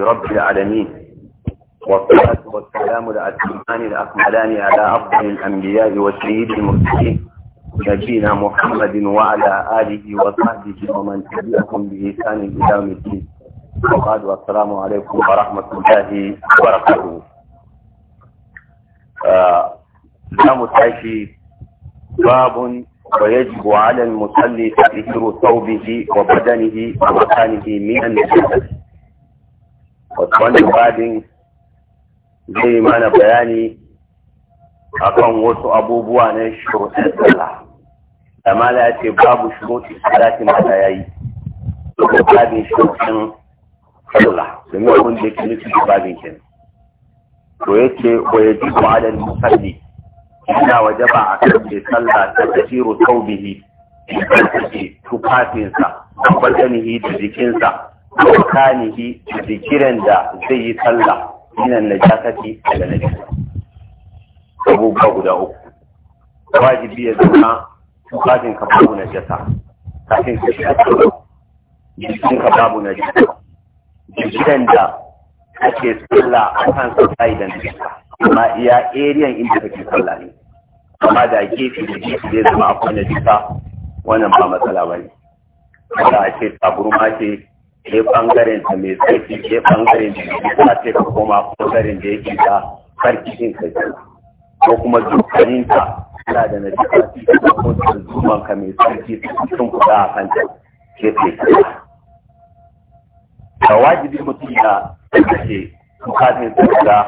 رب العالمين والصلاة والسلام الأتمان الأكملان على أفضل الأنبياء والسيد المرسلين نبينا محمد وعلى آله وصحبه ومن تبعهم بإحسان إلى يوم الدين وبعد والسلام عليكم ورحمة الله وبركاته الإمام آه، التعشي باب ويجب على المصلي تأثير ثوبه وبدنه ومكانه من النجاسة wasu wannan babin zai mana bayani akan wasu abubuwa na shuruɗin sallah da mala ya ce babu shuruɗin salati mata ya yi babin shuruɗin sallah domin abin da yake nufi da babin kin to ya ce ya ji ko adal musalli ina ba a kan ce sallah ta tasiru taubihi ta tufafinsa, ta da jikinsa makanihi da kiran da zai yi sallah minan najasati daga najasa abubuwa guda uku wajibi ya zama tufafin ka babu jasa, kafin ka shiga jikin ka babu najasa jikin da ake sallah a kan sai da najasa amma iya ariyan inda kake sallah ne amma da gefe da gefe zai zama akwai najasa wannan ba matsala ba ne. Kada a ce ma ce ke bangaren sa mai tsarki ke bangaren da yake ta ce ka koma bangaren da yake ta karkishin ka ke ko kuma dukkanin ta tana da najasa ci ta ko da zuman ka mai tsarki sun kuɗa a kanta ke sai da wajibi mutum ya tsarki kafin sarka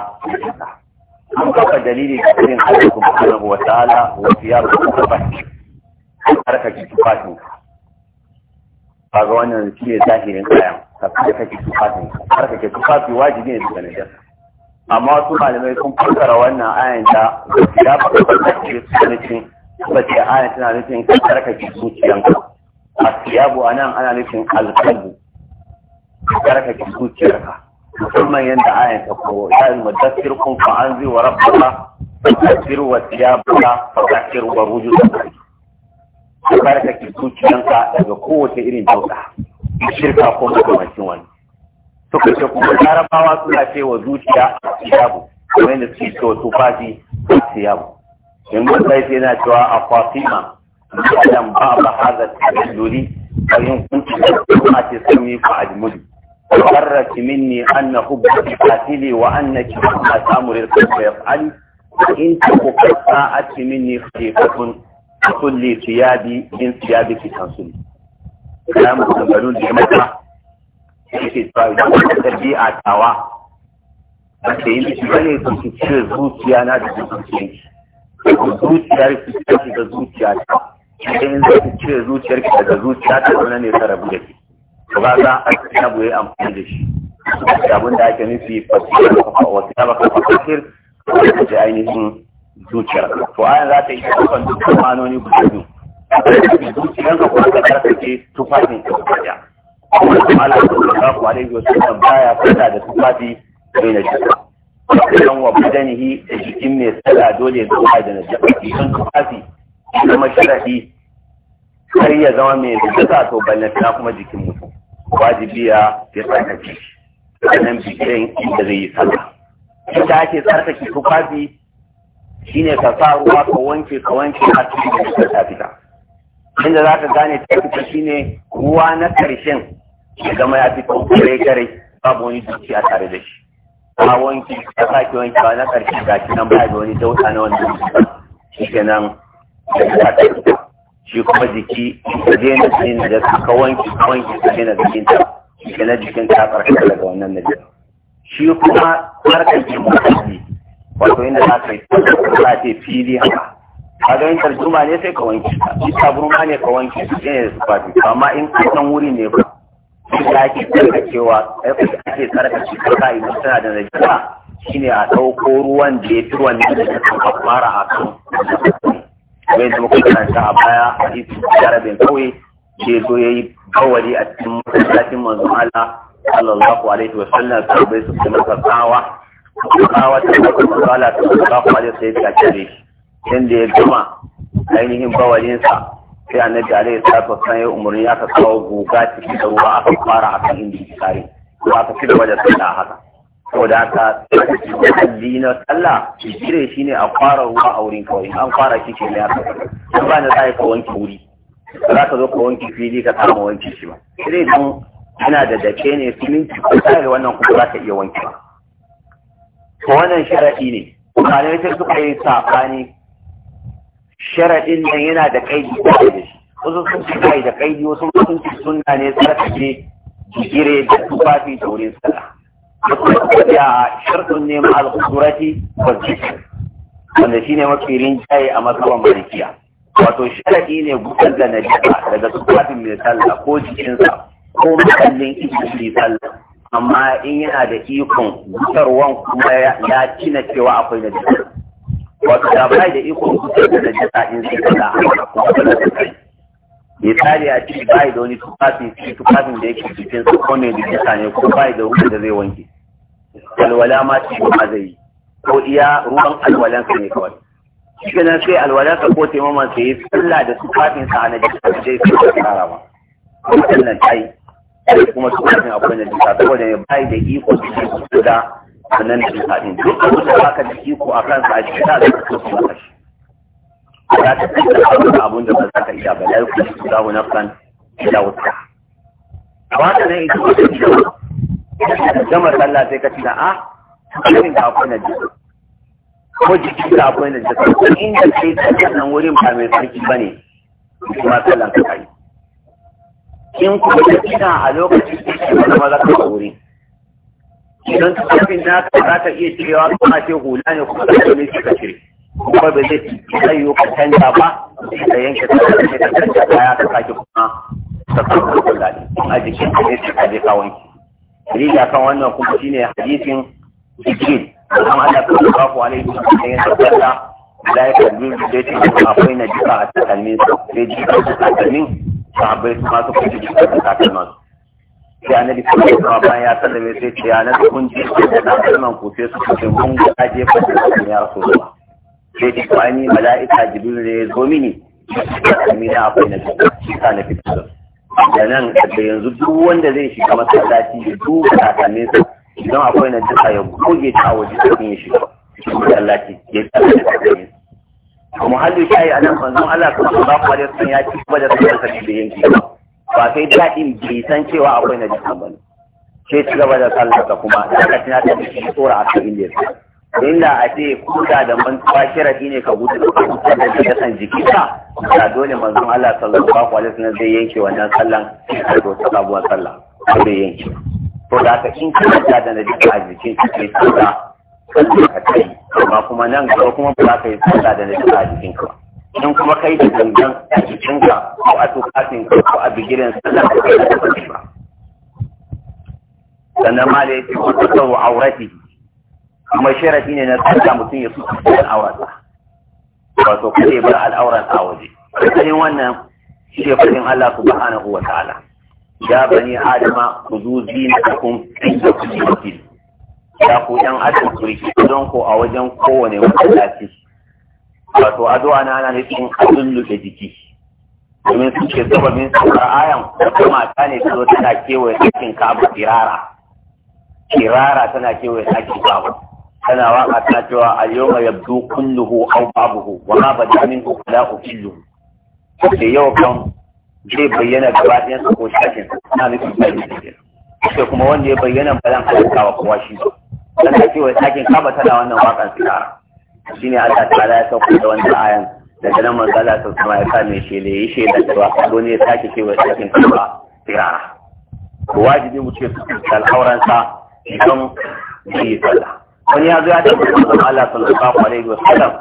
an kafa dalilin da irin Allah wasu wa ta'ala wa siyar da kafa harkar tufafin ka kaga wannan shi ne zahirin kayan ka kada kake tufafi har kake tufafi wajibi ne daga najasa amma wasu malamai sun fassara wannan ayan da ya faɗa kake su nufin bace ayan tana nufin ka A zuciyanka a nan ana nufin alqalbu karkace zuciyarka musamman yadda ayan ta kowo ya yi mudassir kun fa'anzi wa rabbaka mudassir wa siyabaka fa'akir wa rujuka ka tsarkake zuciyanka daga kowace irin dauka shirka ko makamancin wani suka ce kuma larabawa suna ce wa zuciya siyabu kamar da suke cewa tufafi siyabu in mun sai sai na cewa a fatima malam ba ba haza tadalluri bayan kunci kuma ce sami fa ajmuli qarrat minni anna hubbi qatili wa annaki ma tamuri al-kayf ali in tuqta minni khifatun kulli siyabi min siyabi ki kansu kayan maganganun da mata yake cewa idan wata a tawa a ta yi shi bane su ki cire zuciya na da zuciya su ki ta da zuciya ta in za su cire zuciyar ki daga zuciya ta zama ne ta rabu da ba za a na buye amfani da shi abin da ake nufi fasiyar wata baka fasiyar da ainihin zuciya to ayan za ta yi kafan dukkan manoni guda biyu zuciyar ka kuma ka karkace tufafin ka guda kuma da Allah sallallahu alaihi kan baya fada da tufafi mai na najasa kan wa badanihi da jikin mai tsada dole ya zama da jiki. idan tufafi zama sharadi kar ya zama mai najasa to ballantana kuma jikin mutum Wajibiya ya tsarkake shi sannan bikin inda zai yi sallah ita ake tsarkake tufafi shine ka sa ruwa ka wanke ka wanke a cikin ta fita inda za ka gane ta fita shine ruwa na karshen ya gama ya fito kare kare babu wani dutse a tare da shi ka wanke ka ki wanke na karshe ga shi nan ba da wani dauta na wanda shi kenan da ta fita shi kuma jiki ka daina jin da ka wanke ka wanke ka daina jikin ta shi na jikin ta karkata daga wannan najasa shi kuma harkar jin mutane wato inda za ka yi za ce fili haka a don tarjuma ne sai ka wanke shi ma ne ka wanke shi ne su fafi amma in ka san wuri ne ba shi da ake tsarkacewa ai kuma ake tsarkace ka ka idan tana da shi shine a ɗauko ruwan da ya fi wannan da ka fara a kan da muka karanta a baya a isi jarabin kawai ke zo ya yi kawari a cikin masallacin manzon Allah sallallahu alaihi wa sallam sai bai su kuma tsawa kuma wata wata misala ta kuma ba sai ta kare shi inda ya gama ainihin bawalinsa sai annabi alaihi salatu wasallam ya umarni aka kawo guga cikin da ruwa aka fara a akan inda ya kare ko aka ci gaba da sallah haka saboda haka alli na sallah jire shi ne a fara ruwa a wurin kawai an fara shi ke ya kawai an ba ni za ka wanke wuri ba za ka zo ka wanke fili ka kama wanke shi ba sai don yana da dake ne siminti ko tsari wannan kuma za ka iya wanke ba to wannan sharaɗi ne malamai sai suka yi saɓani sharaɗin nan yana da kaidi da shi wasu sun ce kai da kaidi wasu sun ce sunna ne tsarkake jigire da tufafi da wurin sallah ya shartun ne ma al-qudrati wa jikin wanda shine mafi rinjaye a matsayin malikiya wato sharaɗi ne gudan da najasa daga tufafin mai sallah ko jikinsa ko makallin ibi sallah amma in yana da ikon gutarwan kuma ya cina cewa akwai na jisa wato da bai da ikon gutar da najisa in zai kada a kuma da najisa misali a ciki bai da wani tufafin shi tufafin da yake cikin su ko mai najisa ne ko bai da ruwan da zai wanke alwala ma ce ba zai yi ko iya ruwan alwalansa ne kawai cikin nan sai alwalansa ko taimaman sai yi tsalla da tufafinsa a na da zai fi da tsara ba wannan ta yi sai kuma tufafin akwai na jisa saboda mai ba da iko su su da nan da jisa din duk abin da baka da iko a kansa a cikin da ka so su kashi a ya ta tattara abin da ba za ka iya ba da ku su zawo na kan ila wuta a wata nan ita wata jisa gama salla sai ka ci na a cikin da akwai na jisa ko jikin da akwai na jisa inda kai ta nan wurin ba mai sarki ba ne kuma sallan ka kai in kuma da kina a lokacin da ke wani maza ka wuri idan tufafin na ka za ka iya cirewa kuma ce hula ne kuma za ka ne ka cire kuma ba zai tsayo ka canja ba da yanke ta ne ka canza baya ka sake kuma ka kawo ta ne a jikin ka ne ka je kawon ki riga kan wannan kuma shine hadisin jikin an ana kuma ba ku alaihi wasallam ya tabbata da yakadu bi dai akwai najisa a takalmin sai jika a takalmin sahabbai su masu kwanci jikin da takalman su ya annabi da suke kuma bayan ya sallame sai ce ya da kun ji da takalman ku sai su kace mun ga jefa da ya rasulullah sai ce ba ni mala'ika jibril ne ya zo mini ni na akwai na shi ka na fito da nan da yanzu duk wanda zai shiga masallaci ya duba takalmin sa idan akwai na jika ya goge ta waje sai ya shiga masallaci ya tsaya da takalmin sa a muhalli shayi a nan manzon Allah ba alaihi sun ya ci gaba da sallar sa da yanki ba sai daɗin bai san cewa akwai na jikin bane Ke ci gaba da sallar kuma daga tana ta bi tsora a cikin da inda a ce kuda da mantuwa shirafi ne ka gudu da da san jiki ba da dole manzon Allah sallallahu alaihi wasallam zai yanke wannan sallan ko ta sabuwar sallah zai yanke to da haka in kana da jikin a jikin sai sallah ka kai amma kuma nan gaba kuma ba za ka yi sallah da najasa a jikin ka in kuma kai da gangan a jikin ka ko a tufafin ka ko a bigiren sallah ka kai da kwanci ba sannan ma da yake wata tsawo aurati kuma sharafi ne na sallah mutum ya fito da al'aurata wato kada ya bar al'aurata a waje kasarin wannan shi ne fadin Allah subhanahu wa ta'ala ya bani adama ku zu zinatakum inda kuke wakili ya ku ɗan adam turki don ko a wajen kowane masallaci wato addu'a na ana nufin abin lube jiki domin su ke min saura ayan wata mata ne ta zo tana kewaye ɗakin kaba kirara kirara tana kewaye ɗakin kaba tana waka ta cewa yau yawma yabdu kulluhu au babuhu wa ma ku kula ku ukilluhu ke yau kan zai bayyana gaba ɗayan su ko shafin na nufin bayyana sai kuma wanda ya bayyana ba zan halitta kowa shi ba tana kewaye sakin kaba tana wannan waƙar fitara shi ne Allah ta ya sauko da wannan ayan daga nan manzo Allah ta sama ya sa mai da yi shele da cewa kado ne sake kewaye sakin kaba fitara wajibi mu ce al'auran sa idan bai sallah wani ya zo ya tafi da Allah sallallahu alaihi wa sallam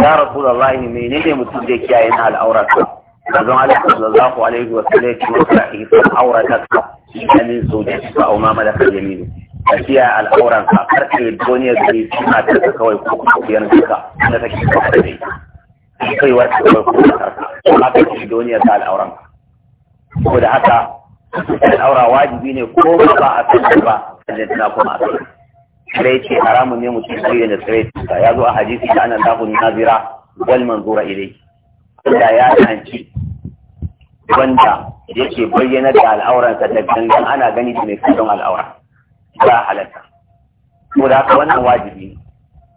ya rasulullah menene mutum zai kiyaye na al'auran sa manzo Allah sallallahu alaihi wa sallam ya ce masa ihsan auratak min zawjatika aw ma malakat yaminuka tafiya al'auran ka kar ka yi duniya da yi suna ta kawai ko kuyan duka da take kafa da ita kai wa ta kawai ko ta ka ka yi duniya da al'auran ka ko da haka al'aura wajibi ne ko ba a san ba da ta kuma a san sai ce haramun ne mutum sai da sai ya zo a hadisi ta anan lahu nazira wal manzura ilayhi da ya tanci wanda yake bayyana da al'auransa da gangan ana gani da mai kallon al'aura ba halatta ko da haka wannan wajibi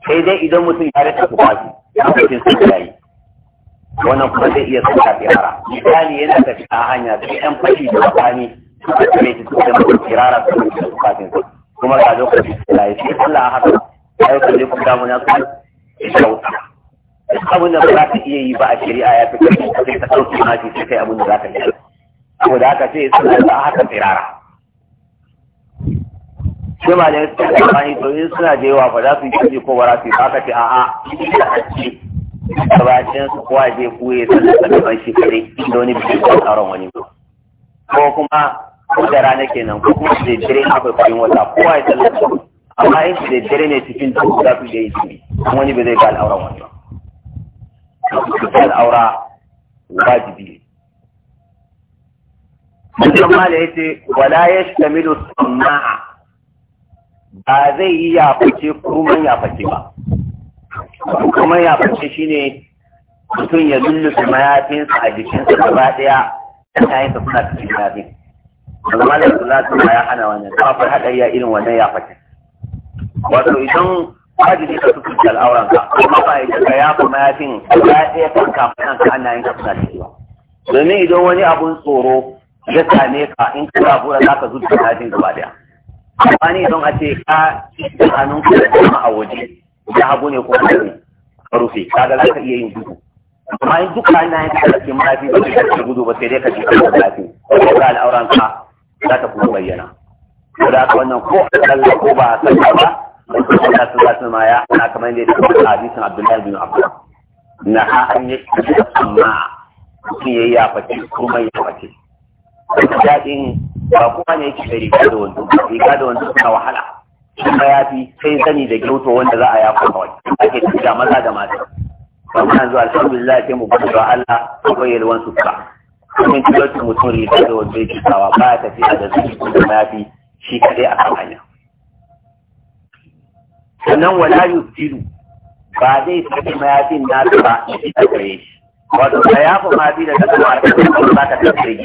sai dai idan mutum ya rika ku fashi lokacin sun yayi wannan kuma zai iya saka firara misali yana tafiya a hanya sai yan fashi da tsakani suka tare shi da mutum kirara su mutum da fasin kuma ga lokacin sun yayi sai Allah haka sai ku je ku damu na su kyauta duk abin da ba za ka iya yi ba a shari'a ya fi kai sai ka ɗauki na shi sai kai abin da za ka yi ko da haka sai suna da haka tsirara. sai ba da suka da amfani to in suna da yawa ba za su yi kaji ko ba za su yi ba ka ce a'a ba hanci gabacin su kowa zai buye sannan da gaban shi kare inda wani bai da tsaron wani ba ko kuma ko da rana kenan ko kuma da dare na kwaikwayon wata kowa ya tsallaka amma in da dare ne cikin duhu za su je yi kuma wani bai zai ga al'auran wani ba. Al'aura wajibi Mutum ma da ya ce, wala ya shi kamilu sama'a ba zai yi yaface kuma yaface ba kuma shi ne mutum ya lulluɓe mayafinsa a jikinsa gaba ɗaya yana yin suna cikin mayafin zama da suna suna ya hana wannan kuma fa haɗa ya irin wannan yaface wato idan wajibi ka tuku da al'auran ka kuma ba ya ka yafa mayafin gaba ɗaya kan kafin ka ana yin suna ciki domin idan wani abun tsoro ya same ka in ka rabura za ka zuci mayafin gaba ɗaya amfani don a ce ka da hannun kuma a waje ya hagu ne ko ne ka rufe kaga za ka iya yin gudu amma in duka na yin ka ke mafi ba ka gudu ba sai dai ka ji ka lafi ko ka al'auran ka za ta kuma bayyana ko da haka wannan ko a ko ba a sallah ba Allah sun zasu ma ya ana kamar yadda ya tafi hadisin Abdullahi bin Abbas na ha an yi amma mutum ya yi ya face kuma ya face. Daɗin ba kuma ne yake da riga da wando riga da wando suna wahala kuma ya fi sai sani da gyoto wanda za a yafa kawai ake tafiya maza da mata kuma yanzu alhamdulillah sai mu gudu da Allah akwai yalwan suka kuma kilotin mutum riga da wando yake sawa ba ya tafiya da zuci kuma ya fi shi kadai a kan hanya sannan wala yusiru ba zai tafi mayafin nasa ba shi ta kare shi wato da ya fi ma bi da ta kuma a cikin kuma za ta ka tafi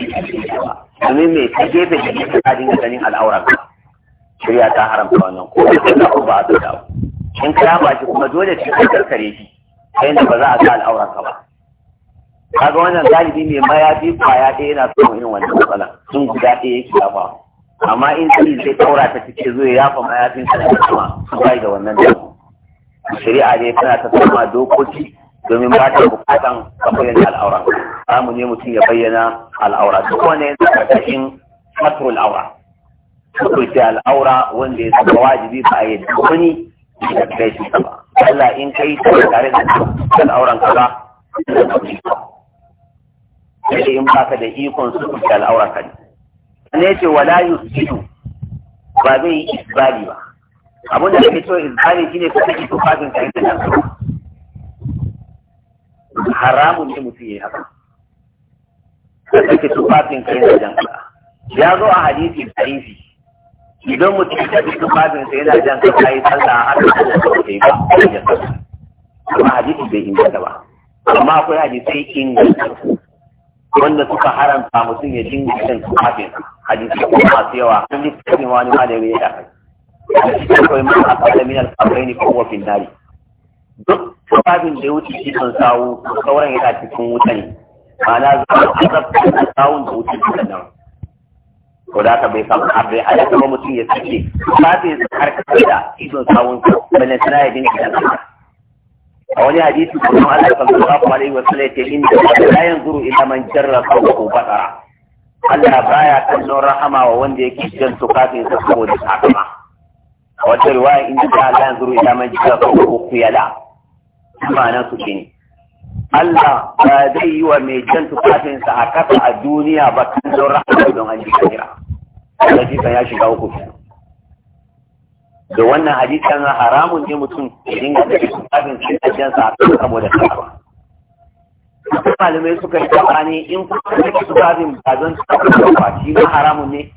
domin mai ta gefe da gefe ka dinga ganin al'auran ka shirya ta haramta wannan ko da ta ba a da in ka yaba shi kuma dole ce ka karkare shi ta yadda ba za a ga al'auran ka ba kaga wannan galibi mai mayafi kwaya ɗaya yana samun irin wannan matsala sun guda ɗaya yake yafa amma in sai zai taura ta cike zuwa yafa mayafin sa da kuma su bai da wannan damu shari'a ne tana ta sama dokoki domin ba ta bukatan ka bayyana al'aura mu ne mutum ya bayyana al'aura duk wani yana karkashin satrul al'aura sukurce al'aura wanda ya zama wajibi ba a yi wani da kai shi ba Allah in kai ta tare da al'auran ka ba sai in ba ka da ikon sukurce al'aura ka ne ne ce wala yusidu ba zai yi isbali ba abin da ake cewa isbali shine ka saki tufafin ka da nan haramun ne mutum ya haka kake tufafin kai na jan kasa ya zo a hadisi tarihi idan mutum ya tafi tufafin sa yana jan kasa ya tsalla a haka ko ba ta yi ba amma hadisi bai inganta ba amma akwai hadisai inganta wanda suka haramta mutum ya dinga jan tufafin hadisi ko masu yawa an yi tsakin wani da ya da kai Wani ma a kalamin alfafai ne ko da nari duk tufafin da ya wuce cikin sawu sauran yana cikin wuta ne ma'ana za a azabta da sawun da wuce cikin nan ko da haka bai samu abin a yaka ba mutum ya sake tufafin su har kasar da idon sawun bane suna ya dinga gidan a wani hadisi ko kuma Allah sallallahu alaihi wa sallam yake inda la yanzuru ila man jarra qawluhu basara Allah baya kallon rahama wa wanda yake jan tufafin sa saboda sakama a wata riwaya inda Allah yanzuru ila man jarra qawluhu khuyala ma'ana su ne Allah ba zai yi wa mai jan tufafinsa a kasa a duniya ba kan don rahama don an ji kira hadisan ya shiga uku da wannan hadisan haramun ne mutum ya dinga da tufafin a jansa a kan da saboda kasuwa malamai suka yi tsakani in kuma da tufafin ba don tufafin da shi ma haramun ne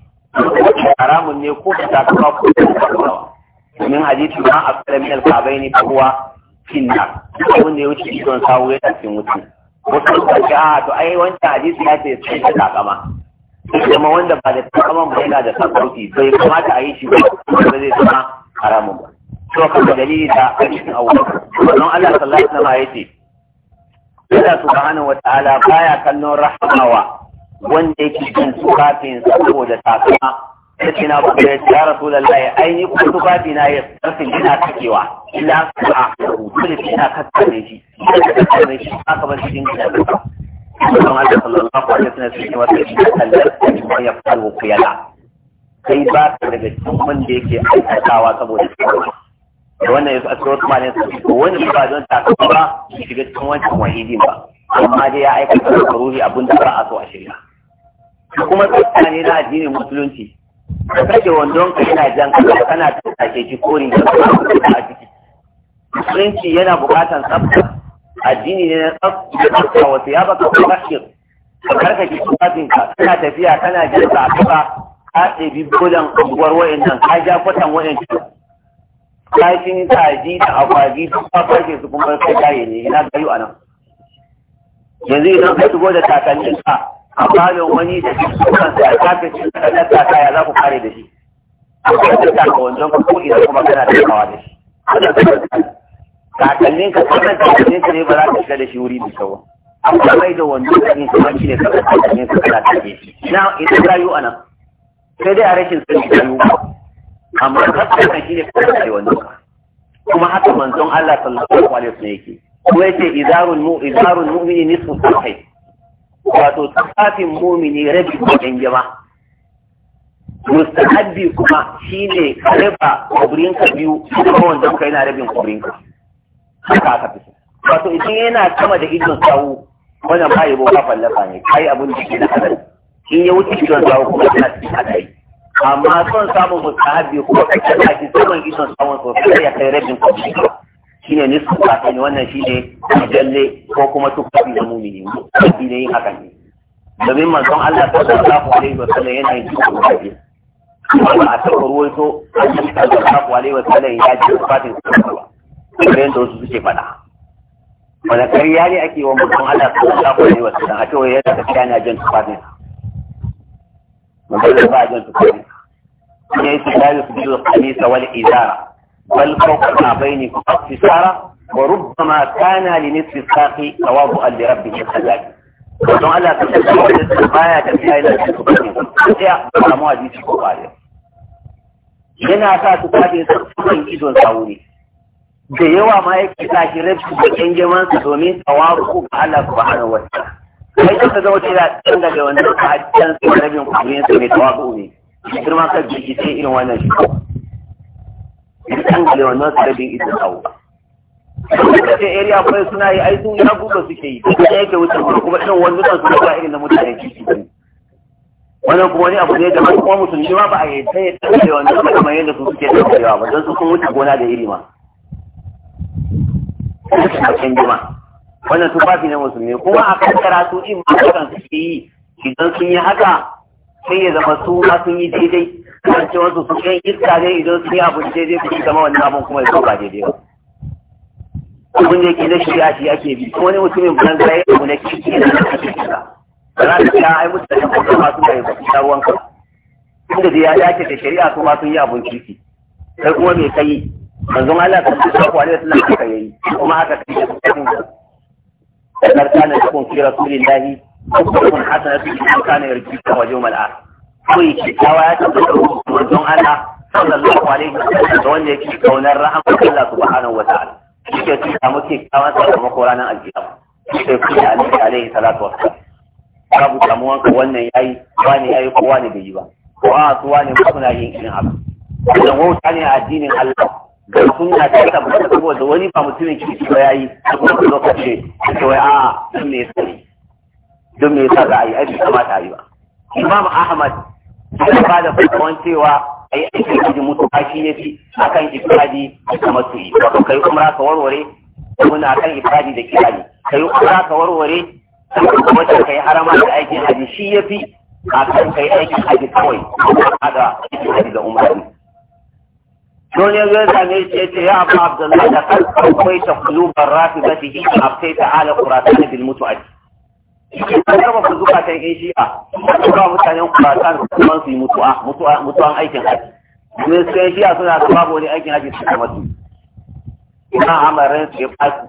haramun ne ko da ta ba domin hadisi ma a kalamin alkabai ne kuwa finna abin da ya wuce idon sawu ya tafi wuta wasu suka ce a to ai wancan hadisi ya ce sai da takama kuma wanda ba da takama ba yana da to bai kamata a yi shi ba ba zai zama haramun ba to kan dalili da hadisin abu wannan Allah sallallahu alaihi wasallam ya ce Allah subhanahu wa ta'ala baya kallon rahmawa wanda yake kan tufafinsa saboda takama sai na ba da ya rasu ai ni ko to babi na ya sarfin ina kakewa illa a da sai na kakkare shi kakkare shi aka bar shi dinka kuma Allah sallallahu alaihi wasallam sai wata da ko ya faru ku yala kai ba ka daga cikin wanda yake aikatawa saboda da wannan ya tsoro kuma ne su: wani ba don ta ba shiga cikin wancan wahidi ba amma dai ya aikata da ruhi abinda ba a so a shirya kuma tsakani na addinin musulunci ka kake wandon ka yana jan kasa kana tattake shi korin ka a ciki sunci yana bukatan tsafta addini ne na tsafta wasu ya baka kwashir ka tsafin ka kana tafiya kana jan ka a kafa ka ɗebi golan unguwar wa'annan ka ja kwatan wa'annan kashin kaji da agwagi duk ba farke su kuma sai kare ne ina gayu a nan yanzu idan ka shigo da takalmin ka a falon wani da shi sukan sai a kafin shi da ta kaya za ku kare da shi a kafin ta ka wancan ko idan kuma kana da kawa da shi kakannin ka sannan kakannin ka ne ba za ka shiga da shi wuri da kyau a kuma mai da wanda ka yi kamar shi ne kamar ne ka kana da shi na idan rayu a nan sai dai a rashin sani rayu amma kakannin shi ne kamar kai wanda ka kuma haka manzon Allah sallallahu alaihi wasallam yake ko yace izarul mu'izarul mu'mini nisfu sahih wato tufafin mumini rabi wajen jama mustahabbi kuma shine raba kubrinka biyu kuma wanda yi na rabin kubrinka haka aka fi wato idan yana sama da idon sawu wanda ba yi boka fallafa ne kai abun da ke da hadari in ya wuce idon sawu kuma yana cikin hadari amma son samun mustahabbi kuma kake kaki saman idon sawun sosai ya kai rabin kubrinka shine nisfu kafin wannan shine jalle ko kuma tufafi da mumini shi ne yin hakan ne domin manzon Allah sallallahu alaihi wa sallam yana yin tufafi ba a taɓa ruwaito annabi sallallahu alaihi wa sallam ya ji tufafin sa ba kamar yadda wasu suke faɗa wani kariya ne ake wa manzon Allah sallallahu alaihi wa sallam a cewa yana tafiya na jan tufafin sa manzon ba a jan tufafin sa ne su da su bi da kamisa wal izara بل فوق الكعبين اختصارا وربما كان لنصف الساق تواضعا لربه كذلك don Allah ka san da baya da kai da su sai ba mu hadisi ko bare yana sa su kaje su kan idon sauri da yawa ma yake sa shi rabu da yan jaman su domin tawaru ga Allah subhanahu wataala kai ka zama cewa dan daga wannan hadisan su rabin ku su ne tawaru ne girma ka ji sai irin wannan shi ya dangane wannan su rabin ita tsawo da ce area boy suna yi ai sun ya guba suke yi da yake wuce kuma irin wani zuwa su zuwa irin na mutane ciki wannan kuma wani abu ne da kuma musulmi ma ba a yi ta yi dangane wannan kamar yadda su suke danganewa ba don su kun wuce gona da iri ma. canji ma. Wannan tufafi na musulmi kuma a kan karatu in ma suke yi idan sun yi haka sai ya zama su ma sun yi daidai kan ce wasu su kai iska ne idan sun yi abu daidai su yi zama wannan abin kuma ya ba daidai ba abin da yake na shirya shi ke bi ko wani mutumin ban zai abu na kirki na da ake kira ba za ka ga ai ta ko kuma sun bai ba ta ruwan ka inda da ya dace da shari'a kuma sun yi abun kirki sai kuma me kai manzon Allah sallallahu alaihi wasallam haka yayi kuma haka kai da cikin kuma kuma cikin na ko kuma hasanatu kana yarki ta wajen mal'a koyi kyakkyawa ya tabbata hukumar don Allah sallallahu alaihi wasallam da wanda yake kaunar rahama Allah subhanahu wa ta'ala shi ke tuka mu kyakkyawan sakamako ranar alkiyama shi ke kuma annabi alaihi salatu wasallam babu damuwan ka wannan yayi wani yayi ko ne bai yi ba ko a su wani ba kuna yin irin haka wau ta ne addinin Allah ga sunna ta tabbata saboda wani ba mutumin ki ba yayi kuma ka ce wai a sun ne sai don me yasa za a yi aiki kamata a yi ba Imam Ahmad Ana ba da fatawan cewa a yi aikin hajji mutuwa shi ya fi a kan ifadi da yi. Wato kai umra ka warware muna kan ifadi da kirani. Kai umra ka warware kuma ta kai harama da aikin hajji shi ya fi a kan kai aikin hajji kawai a da aikin hajji da umra ne. Don ya zai same shi ya ce ya abu Abdullahi da kan kawai ta kulubar rafi ba ta yi a ta ala kurata na bil mutuwa. an raba ku zukatan yan shi'a su ba mutanen kuratan kuma su yi mutu'a mutu'an aikin haji domin su yan shi'a suna da babu wani aikin haji su kama su ina amarin su ya fasu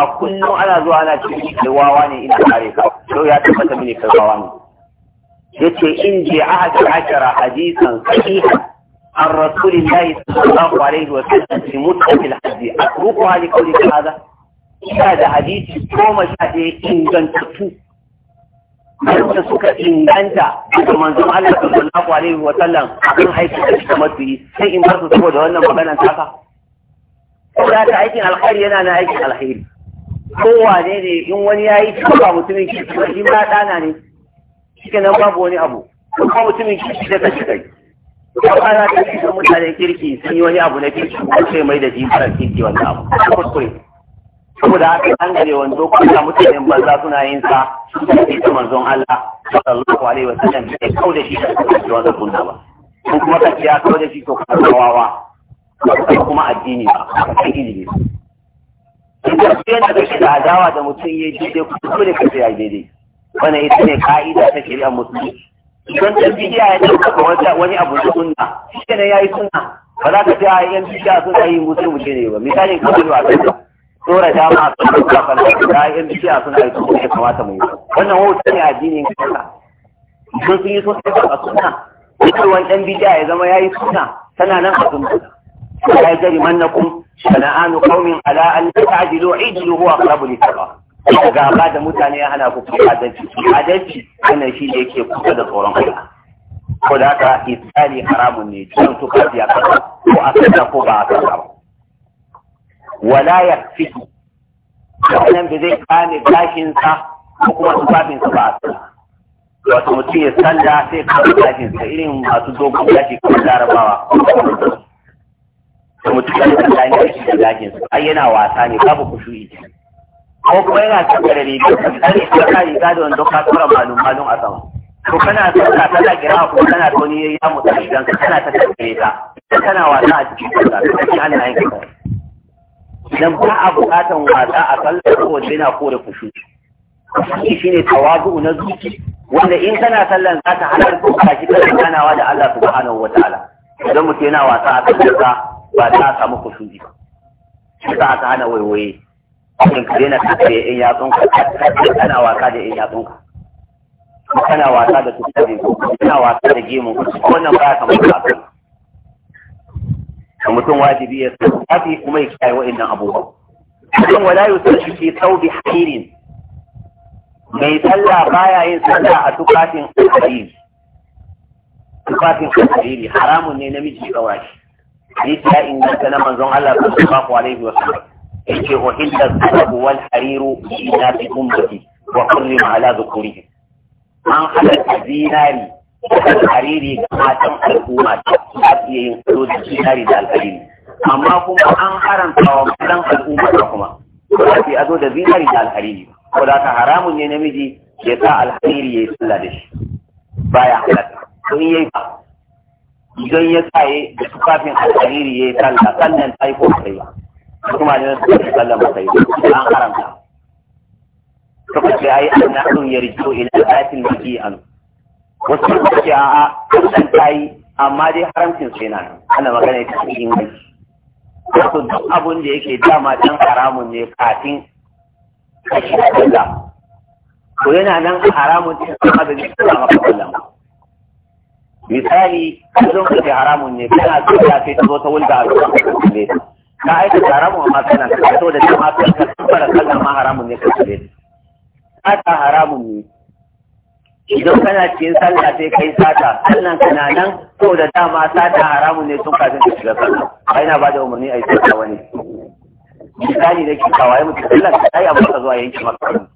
a kullum ana zuwa ana cikin kaiwawa ne ina kare ka yau ya tabbata mini kaiwawa ne ya ce in je ahadu ashara hadisan sahiha عن رسول الله صلى الله عليه وسلم في متعة الحج أتركها لقولك هذا ina da hadisi goma sha ɗaya ingantattu wanda suka inganta daga manzon Allah sallallahu alaihi wa sallam akan aikin da suka yi, sai in bar su saboda wannan maganar ka saboda ta aikin alkhairi yana na aikin alkhairi kowane ne in wani ya yi ba mutumin kirki ba shi ma ɗana ne shi nan babu wani abu kuma mutumin kirki da kashi kai ko ana ta shi ta mutanen kirki sun yi wani abu na kirki ko sai mai da jin kirki wannan abu kuskure saboda haka an gare wando kuma ba za suna yin sa su ta manzon Allah sallallahu alaihi wasallam bai kau da shi da kuma da sunna ba ko kuma ka ya kawo da shi to ka kawawa ko kuma addini ba kai ilimi idan sai na da shi da adawa da mutum ya ji dai ko da kace ya daidai wannan ita ne ka'ida ta shari'ar musulunci idan ta iya ya dauka wani abu da sunna shi ne yayi sunna ba za ka ce a yan bidiya suna yi musulmi ne ba misalin kamar ba dora dama a kan kafan da yan bishiya suna yi kuma da kamata mu yi wannan wauta ne addinin kasa sun sun yi so sai a suna wani dan bidiya ya zama yayi suna tana nan a sunna la yajrimannakum shana'anu qaumin ala an ta'dilu ijilu huwa aqrabu lit-taqwa gaba da mutane ya hana ku adalci adalci wannan shi ne yake kuka da tsoron Allah ko da haka isali haramun ne don tukafi a kasa ko a ko ba a ba wala Da wannan da zai kame gashinsa ko kuma tufafinsa ba a wato mutum ya sanda sai kama gashinsa irin masu dogon gashi kamar larabawa da mutum ya sanda ne shi da gashinsa ai yana wasa ne babu kushuri ko kuma yana sanda da riga kare ta ka riga da wanda ka tsora malum malum a sama ko kana sanda tana kira ko kana wani ya yamu da rigansa kana ta kare ta kana wasa a cikin sanda kana yin ka idan ba a bukatan wasa a sallar da na kore kushu shi shine tawazu na zuci wanda in kana sallan za ta halar ko ka shi kana ganawa da Allah subhanahu wataala idan mutum yana wasa a sallar sa ba za a samu kushu ba shi za ka hana waiwaye in ka daina kace in yatsun ka kana wasa da in yatsun ka kana wasa da tufafin ko kana wasa da gemu, ko wannan ba ya kamata a sallar da mutum wajibi ya san kuma ya kiyaye wa'annan abubuwa idan wala ke fi thawbi hairin mai sallah baya yin sallah a tufafin alhariri tufafin alhariri haramun ne namiji ya daura shi hadisi ya inganta na manzon Allah ba sallallahu alaihi wa sallam yace uhilla thawabu wal hariru ila bi ummati wa hurrima ala dhukurihim an halatta zinari hariri ga matan al'umma su, za su iya yin kado da zinari da alhariri amma kuma an haramta wa matan al'umma da kuma ba su ado da zinari da alhariri ko da ka haramun ne namiji ya sa alhariri ya yi sallah da shi baya halatta don yi ba idan ya sa ya da tufafin alhariri ya yi sallah sannan ta yi ko ta yi ba kuma ne su yi sallah ba ta yi an haramta. Suka ce ai an na'adun yarjo ila zatin maki anu. wasu suka ce a a ta yi amma dai haramcin su yana ana magana ta cikin inganci wasu duk abun da yake dama dan haramun ne kafin ka shi Allah to yana nan haramun ne amma da zai kula maka Allah misali ka zo ka haramun ne kana so ka sai ta zo ta wulga a gaban ka kalle ta ka aikata haramun amma kana so da dama ka fara kallon ma haramun ne ka kalle ta haramun ne idan kana cikin sallah sai kai sata Allah kana nan ko da dama sata haramun ne tun kafin ka shiga sallah ai na ba da umarni ai sata wani misali da ke waye mutu sallan Sai abu ka zuwa yanki maka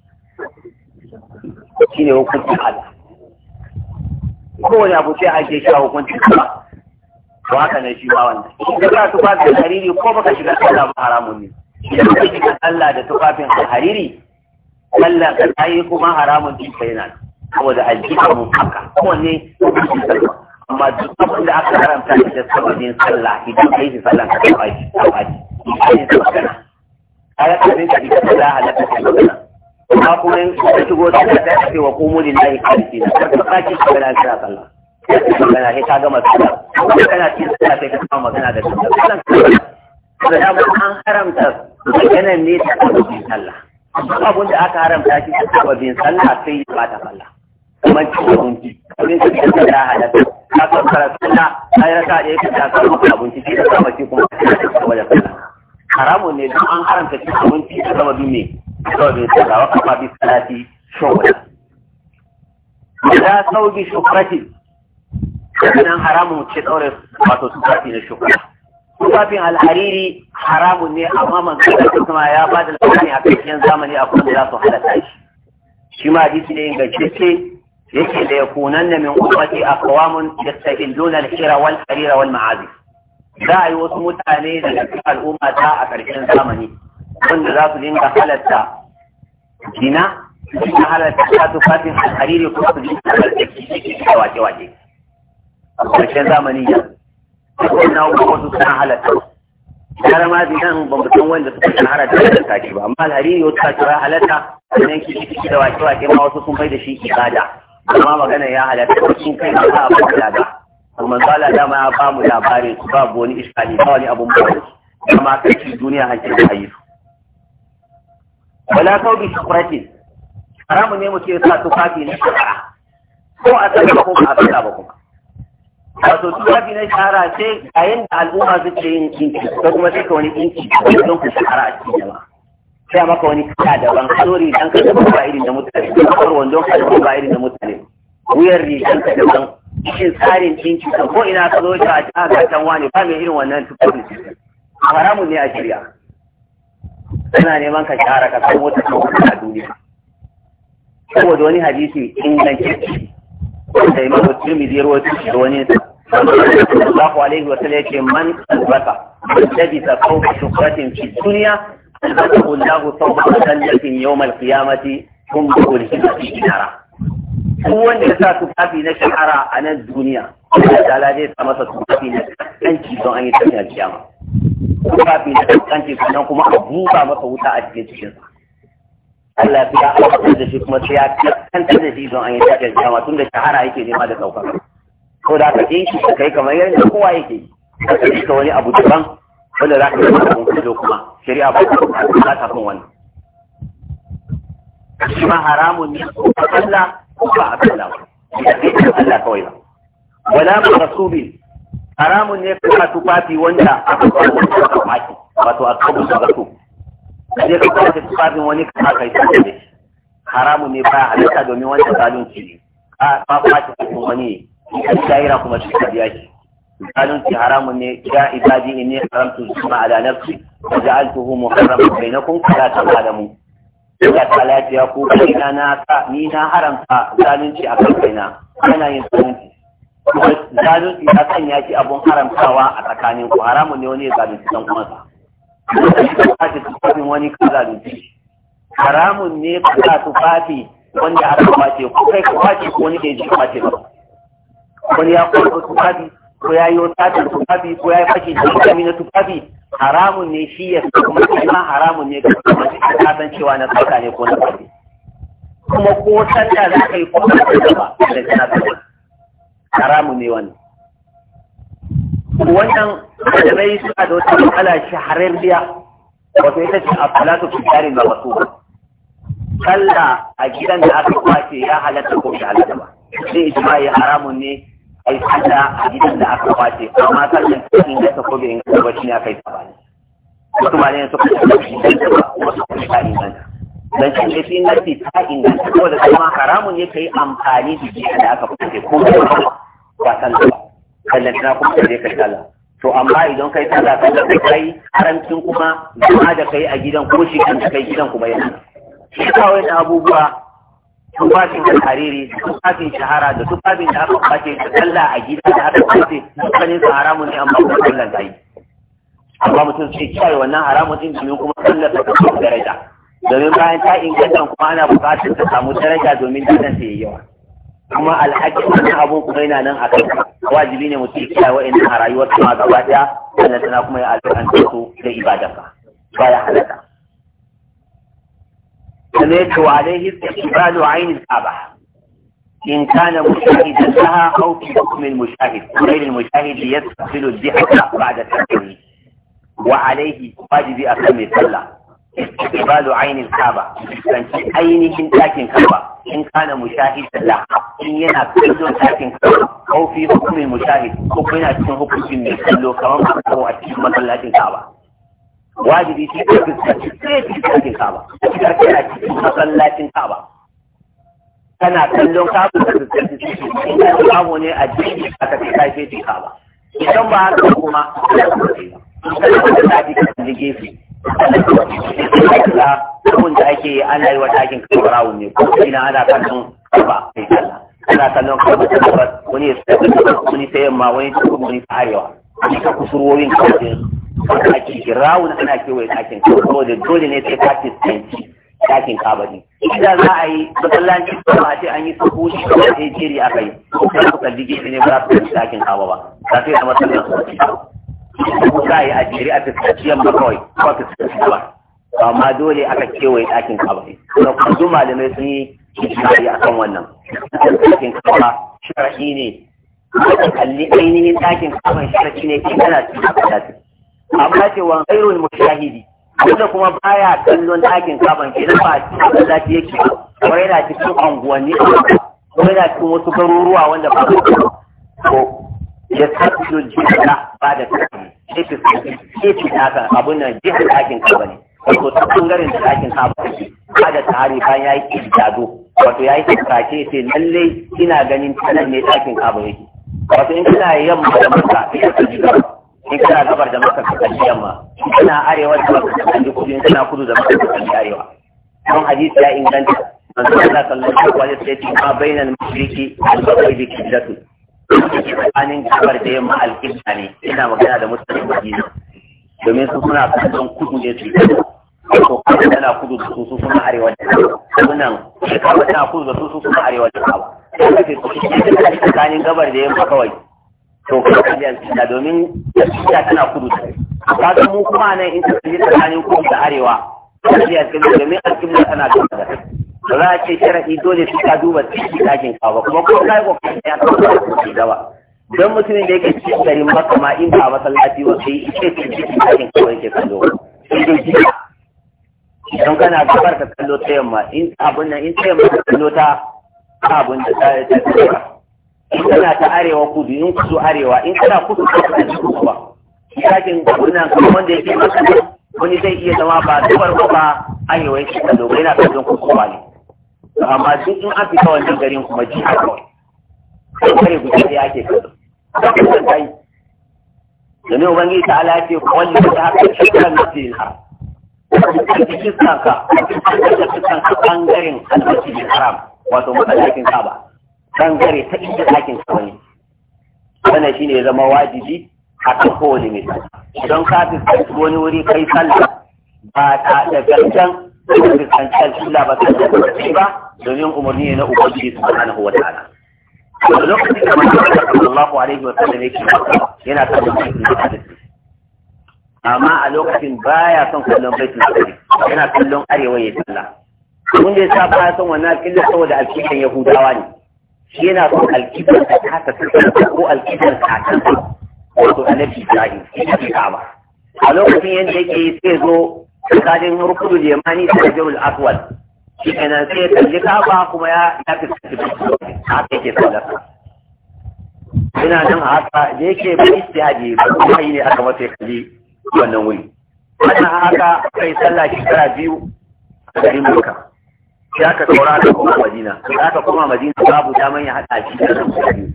ne hukuncin Allah wani abu sai ake shi a hukuncin Allah to haka ne shi ba wannan idan ka tufafi da hariri ko baka shiga sallah ba haramun ne idan ka shiga sallah da tufafin hariri sallan ka tayi kuma haramun din sai na saboda aljika mu haka kowanne amma duk abin da aka karanta shi da sababin sallah idan kai shi sallah ka taɓa shi taɓa shi shi ne magana ta kafin ka fita sallah halaka ka magana amma kuma in ka shigo sallah ta ce wa qumu lillahi qanitina ta saki ta gana ta sallah magana sai ta gama sallah kuma kana cikin sallah sai ka kama magana da sallah da dama an haramta maganan ne ta sababin sallah abin da aka haramta shi da sababin sallah sai ya bata sallah kamar cin abinci abin da ke da halatta ka san karasuna ta yi rasa da ya fita kan maka abinci shi da sama shi kuma ta yi sama da sallah haramun ne don an haramta cin abinci da sama dumi kawai bin sallah wa kafa bi salati wata. Ya sauƙi shukrati sannan haramun ce daure wato tufafi na shukra tufafin alhariri haramun ne amma man kada kuma ya ba da lafiya a cikin zamani a kuma za su halatta shi shi ma hadisi ne ingantacce yake da ya kunanna min ummati aqwamun yastahilluna al-hira wal harira wal ma'azif za a yi wasu mutane da al'umma ta a ƙarshen zamani wanda za su dinga halatta zina su halatta ta tufafin alhariri ko su dinga da a ƙarshen zamani ya wasu suna ma zinan ba wanda suka san halatta halatta shi ba amma alhariri wata ta halatta sannan kishi da wake-wake ma wasu sun bai da shi ibada amma magana ya halatta cikin kai ba a ba ba amma sala da ya ba mu labarin su babu wani iskali ba wani abun ba amma kai shi duniya hake da hayi wala kau bi shukrati haramu ne mu ce sa tufafi na shara ko a saka ko a saka ba kuma wato tufafi na shara ce a yanda al'umma suke yin inki ko kuma suke wani inki don ku shara a cikin jama'a sai maka wani kaya daban kalori dan ka da ba irin da mutane kamar wandon ka da ba irin da mutane wuyar rigan ka daban shi tsarin dinki kan ko ina ka zo ka ta ga can wani ba mai irin wannan tukurin haramun ne a shirya Kana neman ka shara ka san wata a duniya saboda wani hadisi ingantacce da imam tirmidhi ya rawaito da wani sallallahu alaihi wa sallam yace man albaka man ta fawqa shukratin fi dunya فألبسه الله ثوب مسلة يوم القيامة ثم ألهم في نارا هو wanda ya sa tufafi na shahara a nan duniya Allah ta'ala zai sa masa tufafi na kanci don an yi tafiya kiyama tufafi na kanci sannan kuma a buba masa wuta a cikin cikinsa Allah ya albarkar da shi kuma sai ya kantar da shi don an yi tafiya kiyama tun da shahara yake nema da ɗaukar ko da ka ɗinki ka kai kamar yadda kowa yake ka wani abu daban wanda za ka yi abin kudo kuma shari'a ba ta ta kan wani shi ma haramun ne ko a Allah ko ba a Allah ba da Allah kawai ba wala ma rasulin haramun ne ko a tufafi wanda aka kawo wani ka maki wato a kawo su gasu sai ka kawo da tufafin wani ka kai sai da shi haramun ne ba halitta domin wanda zalunci ne a ba ba ta cikin wani ne shi ka yi kuma shi ka biya shi zalunci haramun ne ya ibadi inni haramtu zulma ala nafsi wa ja'altuhu muharraman bainakum fala ta'lamu Allah ta lafiya ko kaina na ka ni na haramta zalunci a kan kaina kana yin zalunci zalunci ta sanya shi abun haramtawa a tsakanin ku haramun ne wani ya zalunci dan uwansa ka tufafin wani ka zalunci haramun ne ka sa tufafi wanda aka kwace ko kai ka kwace ko wani ke ji kwace ba wani ya kwace tufafi ko ya yi wata da tufafi ko ya yi fashi da kami na tufafi haramun ne shi ya kuma ma haramun ne ga kuma ta san cewa na tsaka ne ko na tsaka kuma ko sallah za ka yi ko da yi ba da kana tsaka haramun ne wannan wannan da bai suka da wata matsala shahararriya wato ita ce a falatu fi jarin da wasu sallah a gidan da aka kwace ya halatta ko shi halatta ba sai ijma'i haramun ne aikata a gidan da aka kwace amma sannan cikin da ta kobe in ba shi ne aka yi sabani wasu ba ne suka da shi da ba wasu kuma ta inganta dan shi ne sun nafi ta inganta ko da kuma haramun ne kai amfani da shi da aka kwace ko da ba san da ba sannan na kuma da kai sallah to amma idan kai sallah ka da kai haramcin kuma zama da kai a gidan ko shi kan kai gidan kuma yana shi kawai da abubuwa tufafin da hariri da tufafin shahara da tufafin da aka kwace da sallah a gida da aka kwace dukkanin su haramun ne amma ba sallar da yi amma mutum sai kiyaye wannan haramun din domin kuma sallar ta samu daraja domin bayan ta inganta kuma ana bukatar ta samu daraja domin dadan ta yi yawa kuma alhaji wannan abu kuma yana nan a kai wajibi ne mutum kiyaye wa'annan a rayuwar kuma gaba daya sannan sana kuma ya alƙanta su da ibadarsa ba halatta كما يتلو عليه استقبال عين الكعبة إن كان مشاهدا لها أو في حكم المشاهد غير المشاهد يستقبل الجهة بعد التكبير وعليه واجب أقام الصلاة استقبال عين الكعبة فانت عينه لكن كعبة إن كان مشاهدا لها إن ينقل لكن كعبة أو في حكم المشاهد حكم أتكون حكم من كله كما أو أتكون لكن كعبة wajibi sai ka fuskanci sai fuskanci kaba ka kana cikin masallacin kaba kana kallon kaba ka fuskanci sai ka kabo ne a jiki ka ka kashe ji kaba idan ba haka kuma ka tafi ka kalli gefe abun da ake yi ana yi wa takin kabarawo ne ko ina ana kallon kaba mai kalla ana kallon kaba ta gabas wani ya sai wani sai yamma wani ta kuma wani ta arewa wani ta kusurwoyin kawai haka ake kirawun ana kewaye ɗakin kaba saboda dole ne sai ka fuskanci ɗakin kabari. ne idan za a yi masallaci ba a ce an yi sahu shi ba sai jeri a kai, ko kuma ku kalli gefe ne ba su kalli ɗakin kaba ba za su yi zama sallan sauki ko za a yi a jeri a fuskanci yamma kawai ba fuskanci ba amma dole aka kewaye ɗakin kaba ne kuma malamai sun yi ishari kan wannan ɗakin kaba shara'i ne kalli ainihin ɗakin kaban shara'i ne ke kana cikin amma ce wa khairul mushahidi wanda kuma baya kallon ɗakin kaban kenan ba a cikin masallaci yake Kuma yana cikin anguwanni Kuma yana cikin wasu garuruwa wanda ba su ko ya tafiyo jihar ba da tafiyo sai fi sai fi haka abun nan jihar ɗakin kaban. ne wato ta ɓangaren da ɗakin kaban ne ba da tsari bayan ya yi kirjado wato ya yi tsakace sai lallai ina ganin tanan ne ɗakin kaba yake wato in kina yamma da masa sai ka ji in kana gabar da maka ka kalli yamma kana arewa da maka ka kalli kudu in kana kudu da maka ka kalli arewa don hadisi ya inganta manzo Allah sallallahu alaihi wasallam ya ce ma bainal mashriqi wal maghribi qiblatun tsakanin gabar da yamma alƙibla ne ina magana da da Madina domin su suna kallon kudu ne su yi to kudu tana kudu da su suna arewa da sunan kuma tana kudu da su suna arewa da kaba sai ka ce tsakanin gabar da yamma kawai to ka kaji alƙida domin tafiya tana kudu da ka ga mu kuma nan in ka kaji tsakanin kudu da arewa kaji alƙida domin alƙida tana kudu da ba za a ce sharaɗi dole su ka duba ciki ɗakin ka ba kuma ko ka yi ƙoƙarin ya kawo da gaba don mutumin da yake cikin garin maka ma in ba masallaci ba sai ce cikin ɗakin ka wani ke kallo sai dai jiya idan kana gabar ka kallo ta yamma in abin nan in ta yamma ka kallo ta abin da ta yi ta in kana ta arewa kudu in kudu arewa in kana kudu ka ta kudu ba shakin gwamnan kamar da yake maka wani zai iya zama ba zubar ko ba arewa yake da dogo yana kallon kudu ba ne amma duk in an fita wannan garin kuma ji a kawai kare guda da yake kallo ba ku san kai domin ubangiji ta ala ce ku wani da haka shekaran nasirin ha cikin kanka a cikin kanka bangaren almasjidin haram wato matsalakin kaba bangare ta inda ɗakin ka ne wannan shine ya zama wajibi a kan kowane mutum idan ka fuskanci wani wuri kai sallah ba ta da gangan ka fuskanci alƙilla ba ta da ba domin umarni ne na ubangiji subhanahu wa ta'ala a lokacin da manzon sallallahu alaihi wa sallam yake yana kallon da maqdis amma a lokacin baya son kallon baitul maqdis yana kallon arewa ya sallah mun da ya sa baya son wannan alƙilla saboda alƙilan yahudawa ne shi yana son alkibar da kasa ta ko alkibar ta ta wato annabi ibrahim ita ce ka'aba a lokacin yadda yake sai zo tsakanin rukudu limani da hajjarul aswad shi kenan sai ya kalli ka'aba kuma ya ya fuskanci haka yake sallarsa ina nan a haka da yake ba istihadi ba kuma yi ne aka masa ya kalli wannan wuri ana haka kai sallah shekara biyu a garin Makka sai aka saura kuma koma madina da aka kuma madina babu daman ya haɗa shi da mutane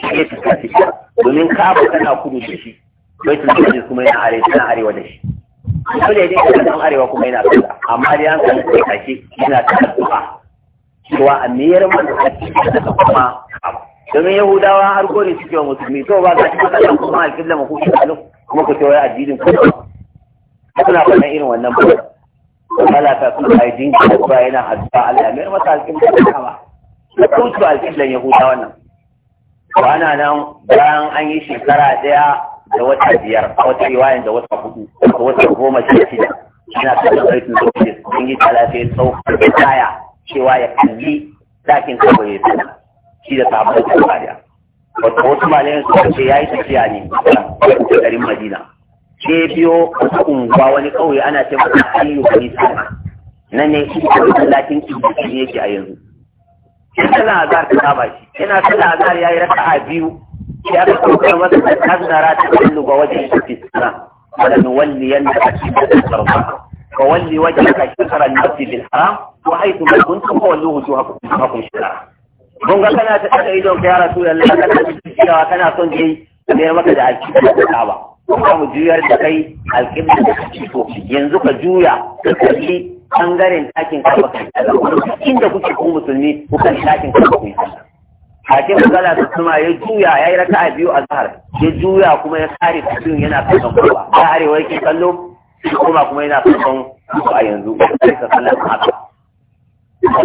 shi ne fita fita domin kaba tana kudu da shi bai tuntun kuma yana are tana arewa da shi dole ne ka san arewa kuma yana kasa amma dai an san sai kake yana ta kuma cewa a miyar man da kake da kuma domin yahudawa har gore suke wa musulmi to ba ka cikin kasan kuma alƙibla ma ko shi kuma ku ce wai addinin kuma suna fara irin wannan ba wala ta su ai din ba yana hadda Allah mai masa alƙibla ta kama da su alƙiblan Yahuda wannan ana nan bayan an yi shekara ɗaya da wata biyar wata riwayan da wata hudu da wata goma sha shida ina kallon aikin sosai sun yi talafin, tsaukar da kaya cewa ya kalli dakin kaba ya tsaya shi da sabon kaba da wata wasu malayan suka ce ya yi tafiya ne a garin madina sai biyo wata ba wani ƙauye ana ce masa ayyu bani salma nan ne shi da masallacin ibadi yake a yanzu shi sallah azhar ta saba shi yana sallah azhar yayi raka'a biyu Ya aka kauka masa da kasara ta kullu ga wajen shi sana wala nuwalli yanda ake da sarfa ka walli wajen ka shekara nafsi bil haram wa haythu ma kuntum fa wallu wujuhakum shara kun ga kana ta kada idon ka ya rasulullahi kana ta kana son je ne maka da aqida ta saba kuma mu juyar da kai alƙibla da kake so yanzu ka juya ka kalli ɓangaren ɗakin kaba kai inda kuke ku musulmi ku kan ɗakin kaba kai yi hakim magana da kuma ya juya ya yi raka a biyu a zahar ya juya kuma ya kare fitin yana kallon kowa ya arewa yake kallo kuma kuma yana kallon su a yanzu sai ka kallon haka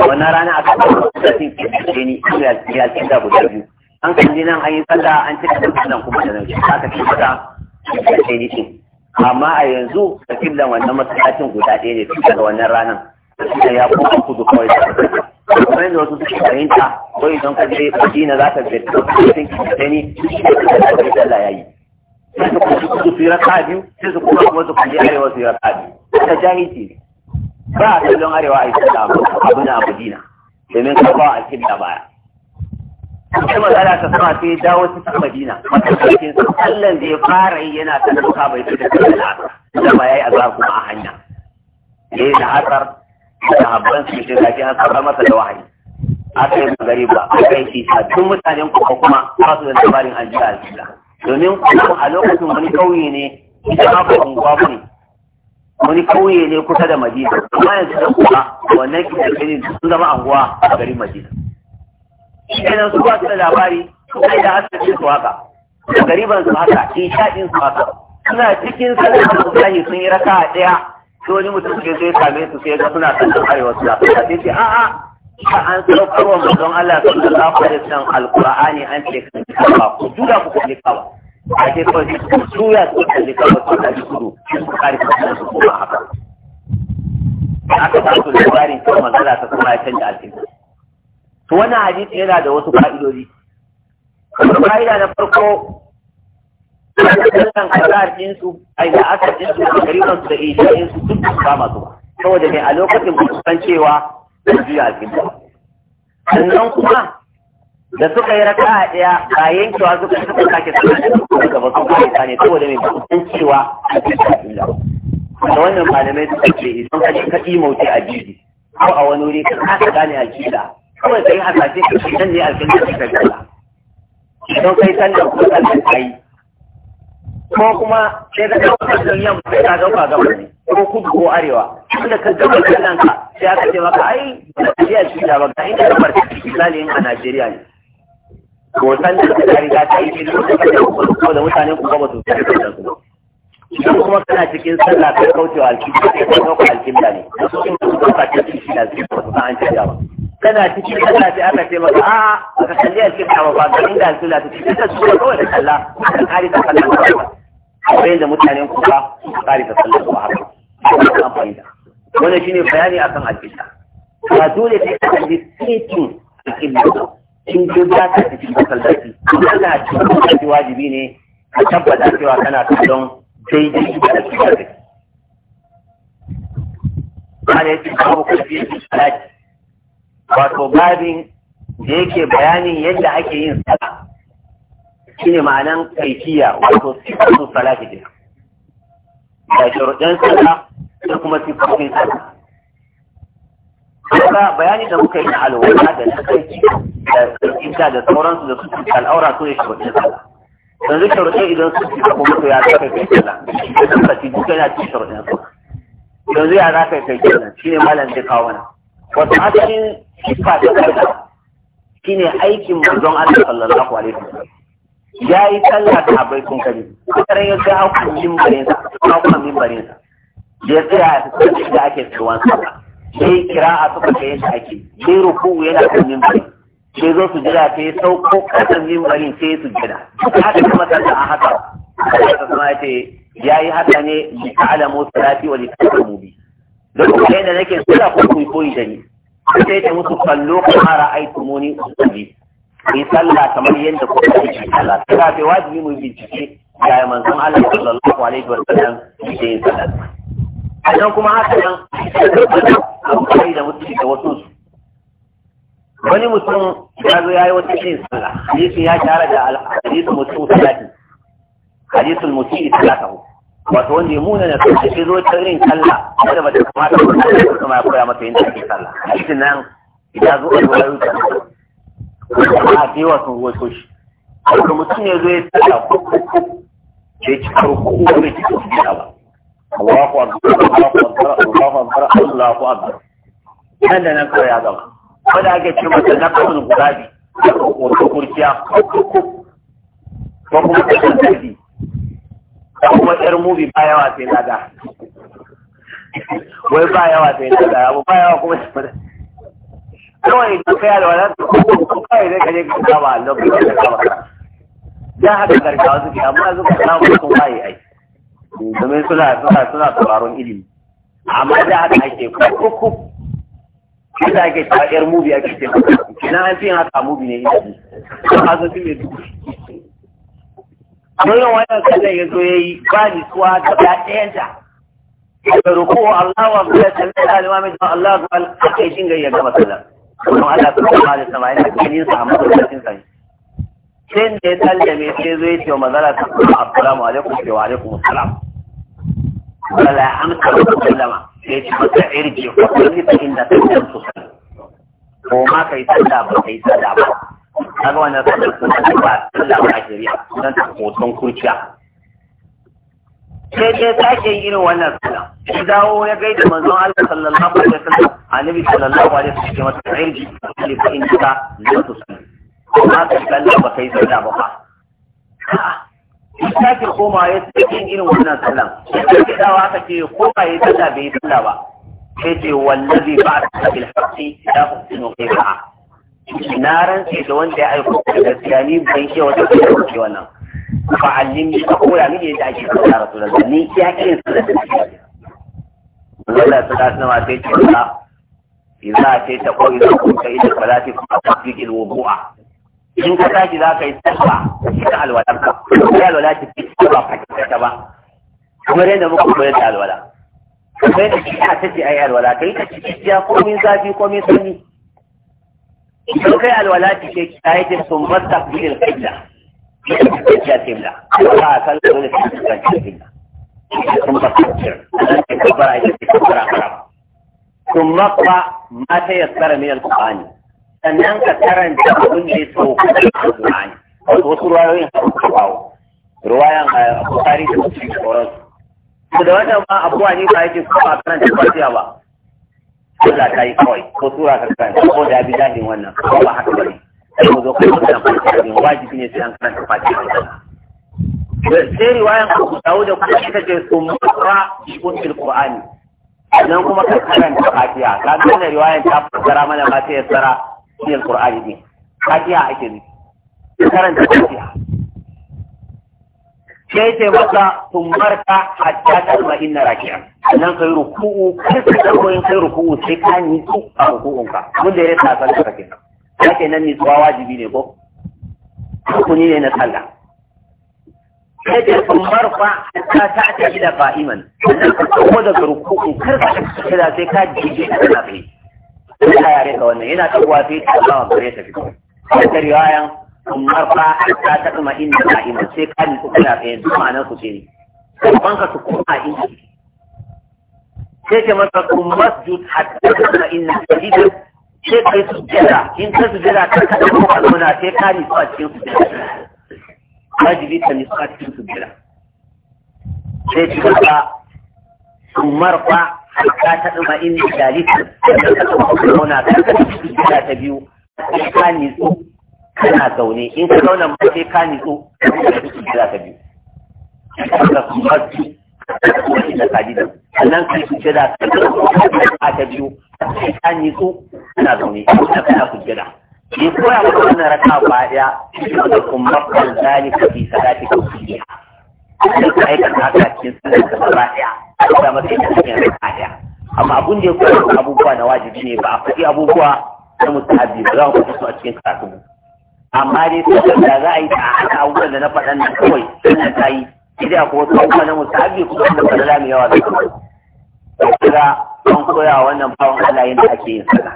wannan rana a kan kasin da ni ya ce da guda biyu an kalli nan an yi sallah an cika da kallon kuma da nan haka ke fata sai din amma a yanzu da killa wannan masallacin guda ɗaya ne tun daga wannan ranar da ya kuma kudu kawai da kuma yanzu wasu suke fahimta ko idan ka je za ka je cikin da ka Allah ya yi sai su kuma kudu su yi biyu sai su kuma kuma su arewa su yi biyu ta jahilci ba a kallon arewa a yi sallah abu na madina domin ka ba a killa baya sai magana ta sama sai ya dawo ta madina matakakin sallan da ya fara yi yana ta duka bai fi da kan la'asar da ba ya yi azar kuma a hanya ya yi da hasar da habban su shi da an hasar masa da wahayi aka yi magari ba aka yi kisa tun mutanen kuma kuma ba su da labarin an ji alfila domin kuma a lokacin wani kauye ne ita ma ba unguwa ba ne wani kauye ne kusa da madina amma yanzu da kuma wannan kisa sun zama anguwa a garin madina idan su ba su da labari su kai da hasashe su haka da gariban su haka isha'in su haka suna cikin sanarwar su mutahi sun yi raka ɗaya sai wani mutum ke zai same su sai ga suna sallar arewa su zafi ɗaya a a'a ka an saukar wa don Allah sallallahu alaihi san alqur'ani an ce kafa ku jura ku kalli kawa. a ce kawai ku su ku kalli kafa ku kalli kudu ku kare su kuma haka aka su labarin cewa manzon ta kuma ya canja alƙibla to wannan hadisi yana da wasu fa'idodi fa'ida na farko wannan azar din su ai da aka din su da gariban su da ishain su duk ba masu ba saboda ne a lokacin ba san cewa juya cikin ba sannan kuma da suka yi raka a ɗaya ba yankewa suka suka sake suna da suka gaba sun fahimta ne saboda mai ba san cewa a cikin da wannan malamai suka ce idan ka ji ka mauti a jiji ko a wani wuri ka kasa gane a jiji kawai ka yi hasashe ka shi nan ne aljanna ta ka gaba idan kai san da kuma sallar ka yi ko kuma sai ka gaba kallon yamma sai ka gaba gaba ne ko kudu ko arewa da ka gaba kallon ka sai aka ce maka ai ba ta iya shi da ba ka inda gabar ta misali in a Najeriya ne ko san da ka riga ta yi shi ko da mutane ku gaba su ta da su idan kuma kana cikin sallah ka kaucewa alkibla ka kauce alkibla ne da su kuma ka kauce shi da su ba su an shirya ba kana cikin kana sai aka ce maka a'a ka kalli alƙibla ba ba inda alƙibla ta ce ta su kawai da kalla ka kare ta kallon ba kamar yadda mutanen kuka suka kare ta kallon ba haka an fahimta wannan shine bayani akan alƙibla ba dole sai ka kalli setin alƙibla in ji za ka cikin masallaci kana cikin masallaci wajibi ne ka tabbata cewa kana kallon daidai da alƙibla kake. Ana yi cikin abubuwan biyu da alaji wato babin da yake bayanin yadda ake yin sala shine ma'anan kaifiya wato sifatu salati ke da shuruɗin sala da kuma sifatun sala kuma bayani da muka yi na alwala da na kaifi da kaifinta da sauransu da suke al'aura su ne shuruɗin sala yanzu shuruɗin idan su fi kuma su ya zaka kai sala da suka ci duka yana ci shuruɗin sala yanzu ya zaka kai shi shine malam zai kawo wata asalin kifa ta shi shine aikin manzon Allah sallallahu alaihi wa ya yi sallah da abai sun kare karan ya ga hakan mimbarin sa hakan mimbarin sa ya tsaya da ake tsawon sallah sai a suka kai yadda ake sai ruku yana kan mimbarin sai zo su jira sai sauko kasan mimbarin sai su jira haka kuma sallah a haka Allah ta ce ya yi haka ne li ta'lamu salati wa li ta'lamu bi don ku da nake suna ko ku koyi da ni sai ta musu kallo aiki ra'aytumuni usalli yi sallah kamar yadda kuka yi sallah kaga bai wajibi mu bincike yaya manzon Allah sallallahu alaihi wa sallam yake yin sallah sannan kuma haka nan kai da mutum da wasu su wani mutum ya zo ya yi wata cin sallah hadisin ya tara da alhadisul mutum salatin hadisul mutum salatahu wato wanda ya muna na sai sai zo ta yin kalla kada ba ta kamata ba ta kuma ya koya masa yin kalla. A hadisin nan idan zo a zuwa yau ta a tewa wasu wato shi wato mutum ne zo ya tsaya ko ya ci farko ko bai ci ko gida ba Allahu akbar Allahu akbar Allahu akbar nan da nan kawai ya gama wanda ake ce masa na kawai guda biyu ko kurciya ko kuma kashin sarki kuma yar mubi ba yawa sai lada wai ba yawa sai lada abu ba yawa kuma kawai da kai da kuma kuma kawai zai kaje ka a lokacin da ka kama ya haka gargawa suke amma zuka samu sun bayi ai domin suna suna suna sauraron ilimi amma da haka ake kuku da ake cewa yar mubi ake ce kina an fi haka mubi ne ilimi kuma hazo fi mai duk wannan wannan sallar ya zo ya yi ba ni suwa ta ɗayanta da ruku Allah wa bi sallar alimamin da Allah ga alƙai shin ga ya gama sallar kuma Allah ta kuma da sama yana ganin sa da masallacin sa sai da ya sallame sai zo ya ce wa mazala ta assalamu alaikum wa alaikum assalam wala amsa wa sallama sai ci ta irji ko ni ta inda ta kuma ko ma kai sallah ba kai sallah ba kaga wannan sallar sunna ba sallah ba shari'a dan hoton kurciya sai dai ke yi irin wannan sallah shi dawo ya da manzon Allah sallallahu alaihi wasallam annabi sallallahu alaihi wasallam ya mata irji li fa inta la tusalli amma ka sallah ba kai sallah ba fa sake koma ya sake irin wannan sallah ya sake dawo aka ce koma ya sallah bai yi sallah ba sai ce wallazi ba'a bil haqqi la uqsimu qiya'a na rantse da wanda ya aiko da gaskiya ni ban shi wata kuma ke wannan fa allimni ka koya ne da ake kawo da rasulullah ni ya kiran su da Allah ta da sama sai ce ba idza ce ta ko idza kun kai da salati fa tafdil wudu'a in ka saki za ka yi tsaba ka alwala ka ya alwala ta ki ba ka ta ba kamar yadda muka koyar da alwala Sai da shi ta ce ai alwala kai ta ci ya komin zafi komin sanyi idan kai alwala cike ki ta yi jin sun masta bilin kibla ya kibla ba a kan dole ta yi kan kibla sun masta kibla nan ke kabbara ita ce kabbara karama sun makwa mata ya tsara min alkuhani sannan ka karanta abin da ya so alkuhani wasu ruwayoyin haru ka bawo ruwayan a eh, bukari da wasu sauransu da wannan ma abuwa ne ba yake kuma karanta fatiha ba Allah ta yi kawai ko tura ka kan ko da bi dadin wannan ko ba haka bane sai mu zo ka yi da fatiha wajibi ne sai an karanta fatiha sai riwayan ku dawo da kuma ka ce summa mutra kuntil qur'ani nan kuma ka karanta fatiha ka ga wannan riwayan ta fara mana ba sai ya tsara shi alqur'ani ne fatiha ake ni karanta fatiha sai ce masa tumbarka hatta ta zama inna rakiya sannan kai ruku'u kar ka dauko in kai ruku'u sai ka nitsu a ruku'unka mun da ya rasa sallar ka kenan kake nan ni nitsuwa wajibi ne ko rukuni ne na sallah sai ta tumbarka hatta ta ta ila qa'iman sannan ka dauko daga ruku'u kar ka dauko sai ka jiji a kana bai ina yare ka wannan yana tabuwa sai ta zama gare ta fito ta riwayan amma fa hatta ta kuma inda ima sai ka ni kuka yafe yanzu duk ma'anar ku ce ban ka su kuma inda sai ke masa kuma masjid hatta ta kuma inda ka'ima sai kai su jira in ka su jira ka kada ku kalmuna sai ka ni su a cikin su jira wajibi ka ni su a cikin su jira sai ce masa kuma fa hatta ta kuma inda ka'ima da ka ko kalmuna sai ka su jira ta biyu sai ka ni su kana zaune in ka zauna ba sai ka nitsu da duk da ka biyu ka kaji wani da kaji da sannan kai sujjada ka a ta biyu sai ka nitsu kana zaune kana kana sujjada in koya maka wannan raka ba ya? da kuma kan zalika fi salati ka sujjada da ka aikata haka cikin sallar ka ba daya da maka yin cikin raka daya amma abun da ya koya abubuwa na wajibi ne ba a faɗi abubuwa na mutu musahabi ba za mu faɗi a cikin karatu amma dai sai da za a yi ta haka abubuwan da na faɗan nan kawai sannan ta yi idan akwai wasu abubuwa na musabi kuma da falala mai yawa da kuma kira an koya wa wannan bawan Allah yadda ake yin sana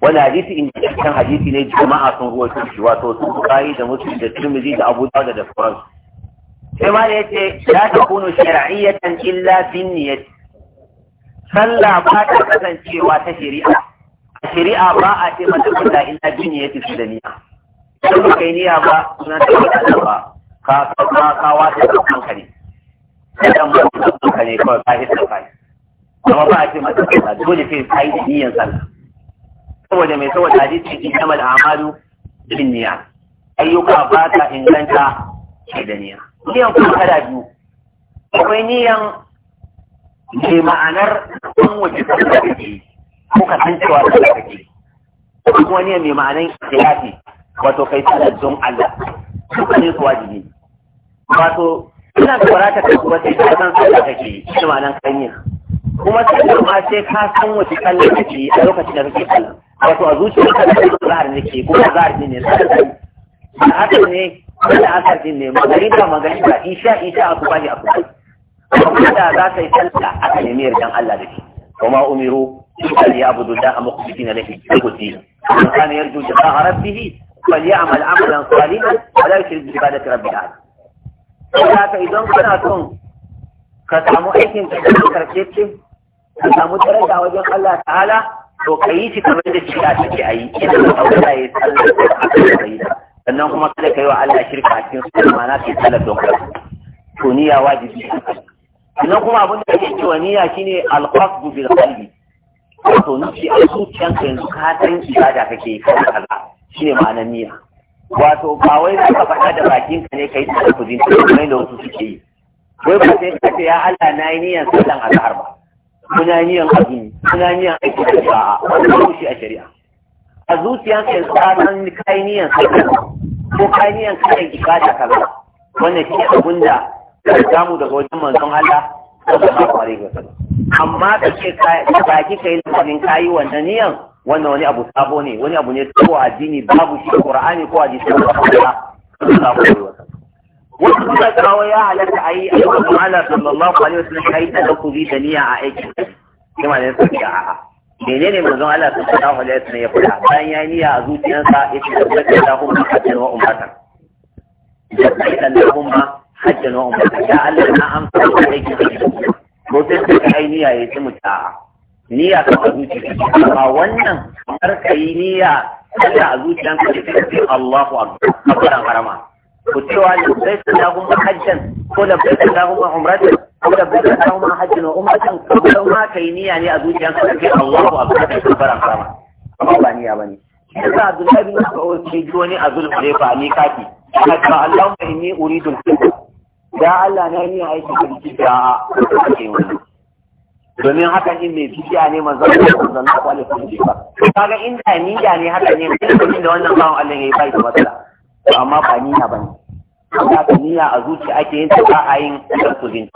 wani hadisi in kan hadisi ne jama'a sun ruwaito shi wato sun bukari da musulmi da turmizi da abu da da sauransu sai ma da ya ce la takunu shar'iyyatan illa bin niyyati sallah ba ta kasancewa ta shari'a shari'a ba a ce mata kulla ina bin ya tafi da niyya idan ba kai niyya ba suna ta wata ba ka ka ka ka wata da kanka ne idan ba ka kanka ne kawai ka hisa kai amma ba a ce mata kulla dole sai ka yi niyyan sallah saboda mai saboda hadisi innamal a'malu bin niyya ayyuka ba ta inganta da niyya niyyan kuma kada biyu akwai niyyan mai ma'anar an waje sallah da ke yi kuka san cewa sallah kake kuma wani mai ma'anan yafi wato kai ta don Allah kuka ne su wajibi wato ina da barata ka kuma sai ka san sallah kake shi ma'anan kanya kuma sallar ma sai ka san wace kalle kake a lokacin da kake Allah wato a zuciyarka da kake zahar ne ke kuma zahar ne sallah haka ne wanda asar din ne magariba ba isha isha a kuma ne a kuma da za ka yi sallah aka nemi yardan Allah da shi وما أمروا أن يعبدوا الله مخلصين له الدين من كان يرجو لقاء ربه فليعمل عملا صالحا ولا يشرك بعبادة رب العالمين haka idan kana son ka samu aikin ka da karshe ce ka samu daraja wajen Allah ta'ala to ka yi shi kamar da shirka take a yi idan ka Allah ya sallar da aka yi sannan kuma kada ka yi wa Allah shirka a cikin sunan ma na wajibi sannan kuma abin da ake cewa niyya shine alqasdu bil qalbi wato nufi a zuciyanka yanzu ka san ibada kake kana kalla shine ma'anar niyya wato ba wai ka faɗa da bakinka ne kai ta kujin kamar da wasu suke yi wai ba sai ka ce ya Allah na yi niyyar sallan azhar ba kuna niyan azumi kuna niyan aiki da sa'a wanda ba shi a shari'a a ka yanzu ka san kai niyyan sallan ko kai niyyan kayan ibada kaza wannan shi abin da da samu daga wajen manzon Allah sallallahu alaihi wasallam amma ka ce ka baki kai lafazin kayi wannan niyan wannan wani abu sabo ne wani abu ne ko addini babu shi Qur'ani ko hadisi ko Allah sallallahu alaihi wasallam wasu da kawo ya halatta a yi a Allah sallallahu alaihi wasallam kai da ku bi da niyya a aiki kuma ne su ya a'a menene manzon Allah sallallahu alaihi wasallam ya faɗa bayan ya niyya a zuciyarsa ya da tabbata da hum ka wa ummatan da kai da hum hajji na umar ya Allah na amsa da aikin hajji ko sai ka ai niyya ya ci muta niyya ka a zuciya amma wannan har ka yi niyya kada a zuciyan ka da kai Allahu akbar kabaran harama ko cewa ne sai ka da kuma hajjan ko da bai da kuma umratan ko da bai da kuma hajjin wa umratan ko da ma kai niyya ne a zuciyan ka da kai Allahu akbar kabaran harama amma ba niyya bane yasa Abdullahi bin Mas'ud ke ji wani azul ne fa ni kafi haka Allahumma inni uridu al da Allah na yi aiki da bid'a da ake wani. domin haka in mai bid'a ne da manzo sallallahu alaihi Ba kaga inda niyya ne haka ne kuma da wannan bawan Allah ya yi bai da matsala amma ba niyya bane haka niyya a zuci ake yin ta ba a yin tafsirin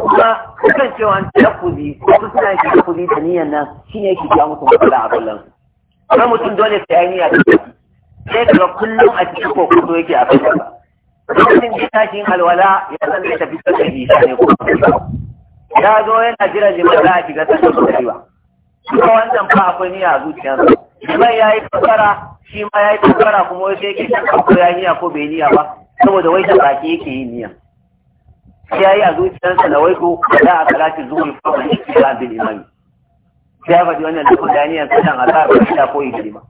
kuma kan cewa an tafsiri ko suna yin tafsiri da niyyan nan ne yake ja musu matsala a kullum kuma mutum dole sai ya niyya da sai ga kullum a cikin kokoto yake a ba. lokacin da tashi yin alwala ya san da tafi da isha ne ko ya zo yana jira liman za a shiga sassa magariba kuma wannan fa akwai niyya a zuciyarsa liman ya yi fassara shi ma ya yi fassara kuma wai sai ke kan ko ya yi niyya ko bai niyya ba saboda wai da baki yake yin niyya ya yi a zuciyarsa na wai ko da a salati zuwa fa wani shi ya bin imani ya faɗi wannan da kuma da a kadan a ko ya ko girma.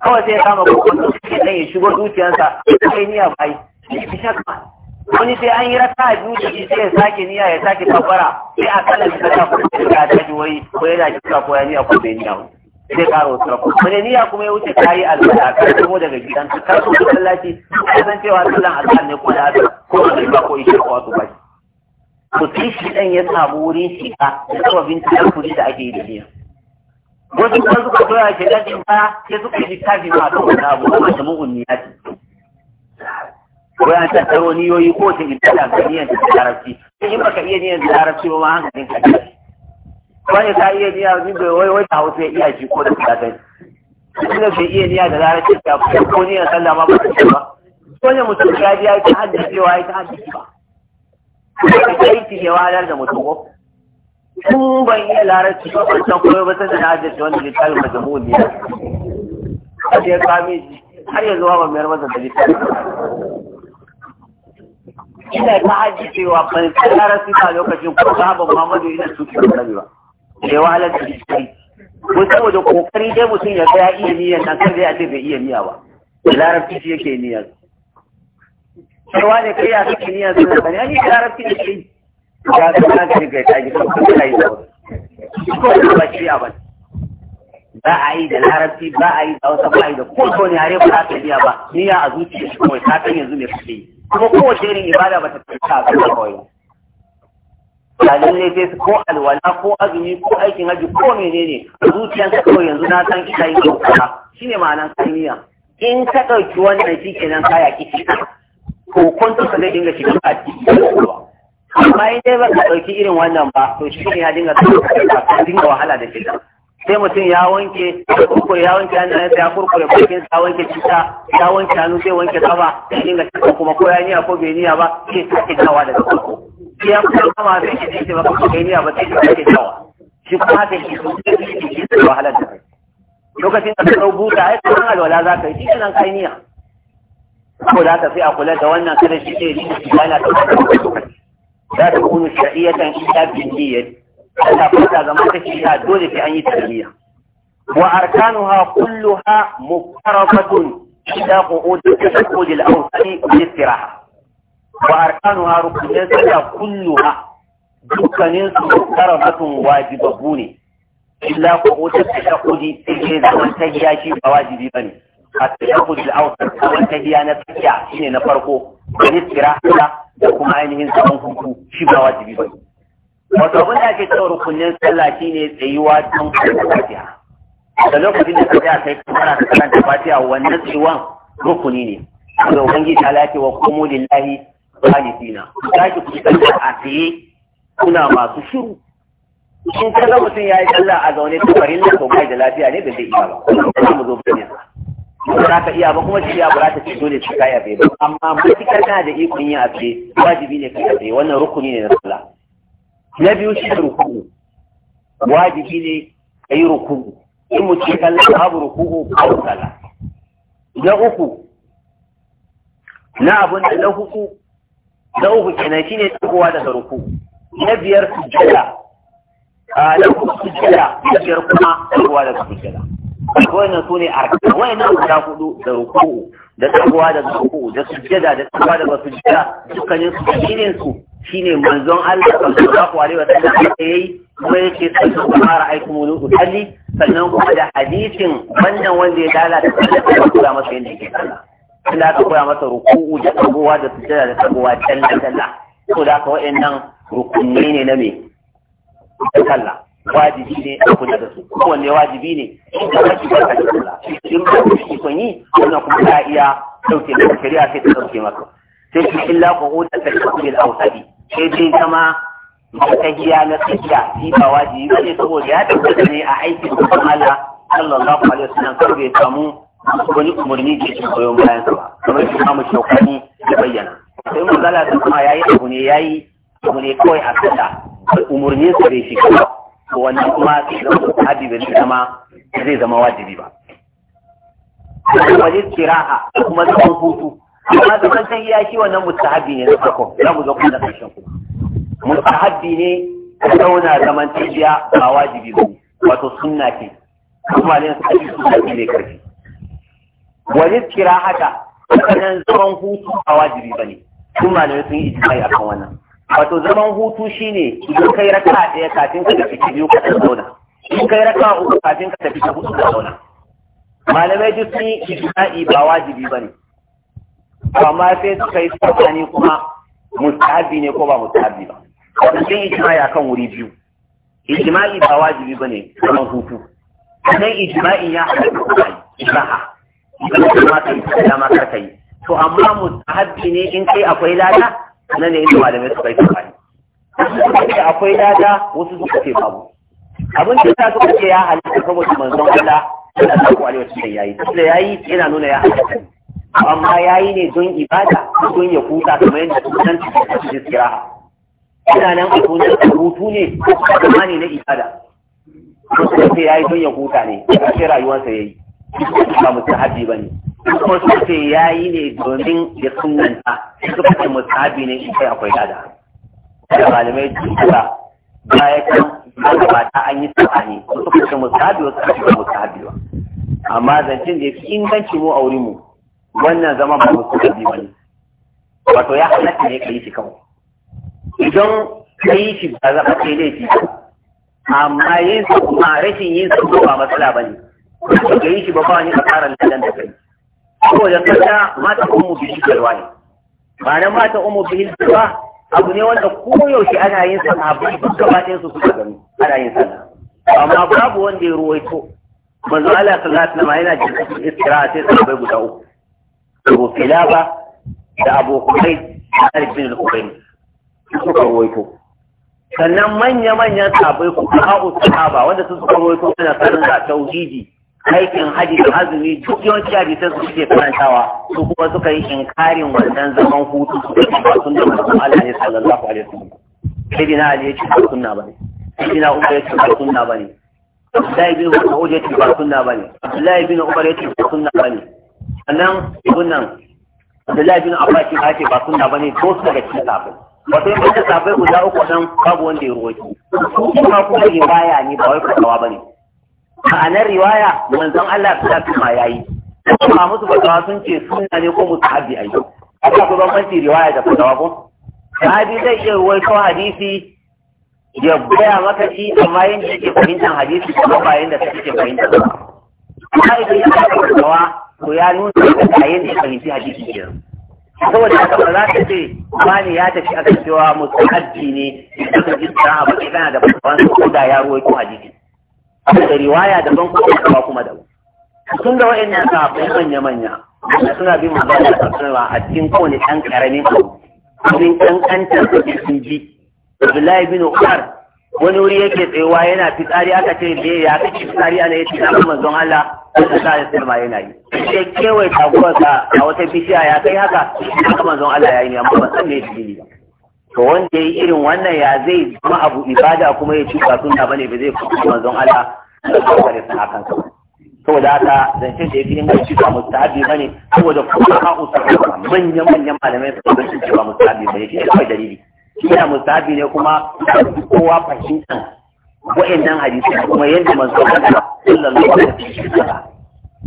kawai sai ya kama kwakwalwa sai dan ya shigo zuciyarsa kai niyya bai shi shakka wani sai an yi rata biyu da shi sai ya sake niyya ya sake tabbara sai a kala shi kasa ko sai ya daji wai ko yana kisa ko ya niyya ko bai niyya sai karo wasu rako wani niyya kuma ya wuce kayi albada ka mu daga gidan ka kuma da sallaci ka san cewa sallan azhar ne ko da haka ko da ko isha ko wasu bai to shi dan ya samu wurin shiga da sababin tafiya da ake yi da niyya wasu kuma suka doya ke dajin ba sai suka yi littafi ma kan wani abu kuma da mu'un ya ce wayan tattaro niyoyi ko ta ibada ga niyyar da larabci sai in baka iya niyan da larabci ba ma hankalin ka wani ka iya niyyar ni bai wai wai ta hausa ya iya shi ko da tsadai in da bai iya niyyar da larabci ta ko niyan sallah ma ba ta ba wani mutum ya ji ya yi ta cewa ya yi ta haddacewa ba ta yi ta wahalar da mutum ko tun ban yi larabci ba ban san koyo ba sai da na ta wani littafin majmu'i ne ya kame shi har ya zuwa ban mayar masa da littafin ina ta haji cewa ban san larabci ba lokacin ko sahabban Muhammadu ina tuki da ba da wahalar da shi ko saboda kokari dai mutum ya ga ya iya niyyar nan kar dai a ce bai iya niyya ba larabci shi yake niyyar sai wani kai ya saki niyyar suna bane ni larabci da shi ya ga nan kai kai ta gidan ko kai da ko ba shi a ba ba a yi da larabci ba a yi da wasa ba a yi da ko ko ne ba za ta biya ba ni ya a zuciya shi kawai ta san yanzu mai kake kuma kowace irin ibada ba ta fita a kan kawai ba lalle sai su ko alwala ko azumi ko aikin haji ko menene zuciyanka kawai yanzu na san ita yin Shi ne ma'anar kalmiya in ka ɗauki wannan shi kenan kaya kici ko kun ka zai dinga shiga a cikin ruwa amma in dai ba ka ɗauki irin wannan ba to shi ne ya dinga dinga wahala da shi sai mutum ya wanke kurkure ya wanke hannun ya kurkure bakin sa wanke cuta ya wanke hannu sai wanke kafa ya dinga cikin kuma ko ya niya ko bai niya ba sai sake dawa daga farko sai ya kuma kama sai ke dace ba kuma bai niya ba sai ya sake dawa shi kuma haka shi sun sai shi ke wahala da kai lokacin da ka buta ai kuma alwala za ka yi shi nan kai niya ko da haka sai a kula da wannan kada shi ne shi ya lokaci. za ta kunu shari'atan illa bi niyyat ana fata zama ta shari'a dole sai an yi tarbiyya wa arkanuha kulluha muqarrabatun ila qu'ud al-tashahhud al-awsat lil-istiraha wa ha rukunin sallah kulluha dukkanin su muqarrabatun wajibabu ne illa qu'ud al-tashahhud sai zaman ta yashi ba wajibi bane Auta, التشهد الأوسط أو التهيئة نفسها شيء نفرقه والاستراحة da kuma ainihin zaman hutu shi ba wajibi ba wato abin da ake cewa rukunin sallah shi ne tsayuwa don karanta fatiha da lokacin da ka tsaya kai kana karanta fatiha wannan tsayuwan rukuni ne da ubangiji ta lafi wa kumu lillahi qanitina ku tashi ku sallah a tsaye kuna masu shiru in ka ga mutum ya yi sallah a zaune ta farin da to bai da lafiya ne da zai iya ba kuma mu zo bayan sa ba za ka iya ba kuma shari'a ba za ta ce dole sai ka yi abe ba amma matukar kana da ikon yin abe wajibi ne ka yi abe wannan rukuni ne na sallah na biyu shi rukuni wajibi ne ka yi rukuni in mutum kallon babu rukuni a sallah na uku na abun da na huku na uku kenan ne tsakowa daga ruku na biyar sujjada a ah, na uku sujjada na biyar kuma tsakowa daga sujjada wannan su ne arka wayannan guda hudu da ruku'u da tsakuwa da ruku'u da sujjada da tsakuwa da basujjada dukkanin su dalilin su shine manzon Allah sallallahu alaihi wasallam da yayi kuma yake sallu kuma ra'aytum usalli sannan kuma da hadisin wannan wanda ya lalata da kula masa yanda yake sallah Allah ka koya masa ruku'u da tsakuwa da sujjada da tsakuwa talla talla ko da ka wayannan rukunni ne na me sallah wajibi ne a kula da su kowanne wajibi ne in ka baki barka da kula in ka baki son yi wannan kuma ta iya ɗauke da shari'a sai ta dauke maka sai shi illa qu'udan ka shi bil awsadi sai dai kama matahiya na tsakiya shi ba wajibi bane saboda ya dauke ne a aikin da Allah sallallahu alaihi wasallam kar bai samu wani umarni da yake koyon bayan sa ba kamar shi imamu shaukani ya bayyana sai mun zala da kuma yayi abu ne yayi abu ne kawai a kada umarnin sa bai shi kawai wannan kuma zai zama sahabi bai zama zai zama wajibi ba wajen kira'a kuma zaman hutu amma da kan san iya shi wannan mustahabi ne na farko za mu zo na ƙarshen kuma mustahabi ne ka zauna zaman tijiya ba wajibi ba wato sunna ce kuma ne su suka su sunna ne karfi wajen kira'a ta sannan zaman hutu ba wajibi ba ne kuma ne sun yi ijimai kan wannan wato zaman hutu shine idan kai raka ɗaya kafin ka tafi ta biyu ka zauna in kai raka uku kafin ka tafi ta hudu ka zauna malamai duk sun yi ijma'i ba wajibi ba ne amma sai suka yi tsakani kuma mustahabi ne ko ba mustahabi ba wadannan ijma'i akan wuri biyu ijma'i ba wajibi ba ne zaman hutu sannan ijma'in ya da kuma ibaha idan ka mata yi dama ka yi to amma mustahabi ne in kai akwai lada nan ne inda malamai suka yi tsammani suka ce akwai lada wasu suka ce babu abin da ta suka ce ya halitta saboda manzon Allah yana sallallahu alaihi wasallam yayi da yayi yana nuna ya halitta amma yayi ne don ibada don ya kuta kamar yadda sunan cikin kira ina nan a sunan rutu ne kuma ne na ibada wasu ce yayi don ya kuta ne a cikin rayuwarsa yayi ba mu ba ne. kuma su ce ya yi ne domin ya sunanta su ce musabi ne in kai akwai lada da malamai duka baya kan gabata an yi tsakani wasu kuma ce musabi wasu kuma ce musabi ba amma zancen da ya fi inganci mu a wuri mu wannan zama ba mu suka bi wani. wato ya halatta ne ka yi shi kawai idan ka yi shi ba za ka kai laifi amma yin su kuma rashin yin su ba matsala ba ne ka yi shi ba ba wani ka fara ladan da kai saboda kada mata ummu bihi kalwa ne ma'anar mata ummu bihi kalwa abu ne wanda koyaushe ana yin sana bai duk gaba ɗayan su suka gani ana yin sana amma babu wanda ya ruwaito manzo Allah sallallahu alaihi wasallam yana cikin istira sai bai guda uku Abu Filaba da Abu Humayr da Ali bin Al-Humayr suka ruwaito sannan manya-manyan sahabbai ku ka'u sahaba wanda su suka ruwaito suna sanin da tauhidi aikin haji da azumi duk yawanci hadisan su suke karantawa su kuma suka yi inkarin wannan zaman hutu su kai ba sun da masu Allah ne sallallahu alaihi wasallam sayyidina Ali ya ce ba sunna bane sayyidina Umar ya ce ba sunna bane Abdullahi bin Mas'ud ya ce ba sunna bane Abdullahi bin Umar ya ce ba sunna bane sannan sunan Abdullahi bin Abbas ya ce ba sunna bane ko su daga cikin sahabbai wato yin da sahabbai guda uku nan babu wanda ya ruwaci su kuma kuma baya ne ba wai kasawa bane ma'anar riwaya manzon Allah ta fi ma yayi ba musu fatawa sun ce sunna ne ko yi. ayi aka ku bambanci riwaya da fatawa ko sahabi zai iya ruwaito hadisi ya gaya maka shi amma yin da yake fahimtar hadisi kuma ba yin da suke fahimtar ba kai da ya fatawa to ya nuna da yin da fahimci hadisi kenan saboda haka ba za ta ce wani ya tafi a kan cewa mustahabi ne idan ka ji sa'a ba kana da fatawa ko da ya ko hadisi da riwaya daban ko kuma kuma daban tun da wa'annan sahabbai manya manya suna bin magana da sallama a cikin kowane ɗan ƙaramin abu abin ƙantar da sun ji Abdullahi bin Umar wani wuri yake tsayuwa yana fitsari aka ce me ya kake fitsari ana yace na manzon Allah sa ya sirma yana yi sai kewaye taguwarsa a wata bishiya ya kai haka manzon Allah ya yi ne amma ban san me yake yi ba to wanda yi irin wannan ya zai zama abu ibada kuma ya ci na bane ba zai kuma manzon Allah sallallahu alaihi sun hakan sa saboda haka zance da ya yin inganci ba mustahabi bane saboda kuma ha usaba manyan manyan malamai su ga shi ba mustahabi ne shi kai dalili shi ya mustahabi ne kuma kowa fahimtan wa'annan hadisi kuma yanda manzon Allah sallallahu alaihi wasallam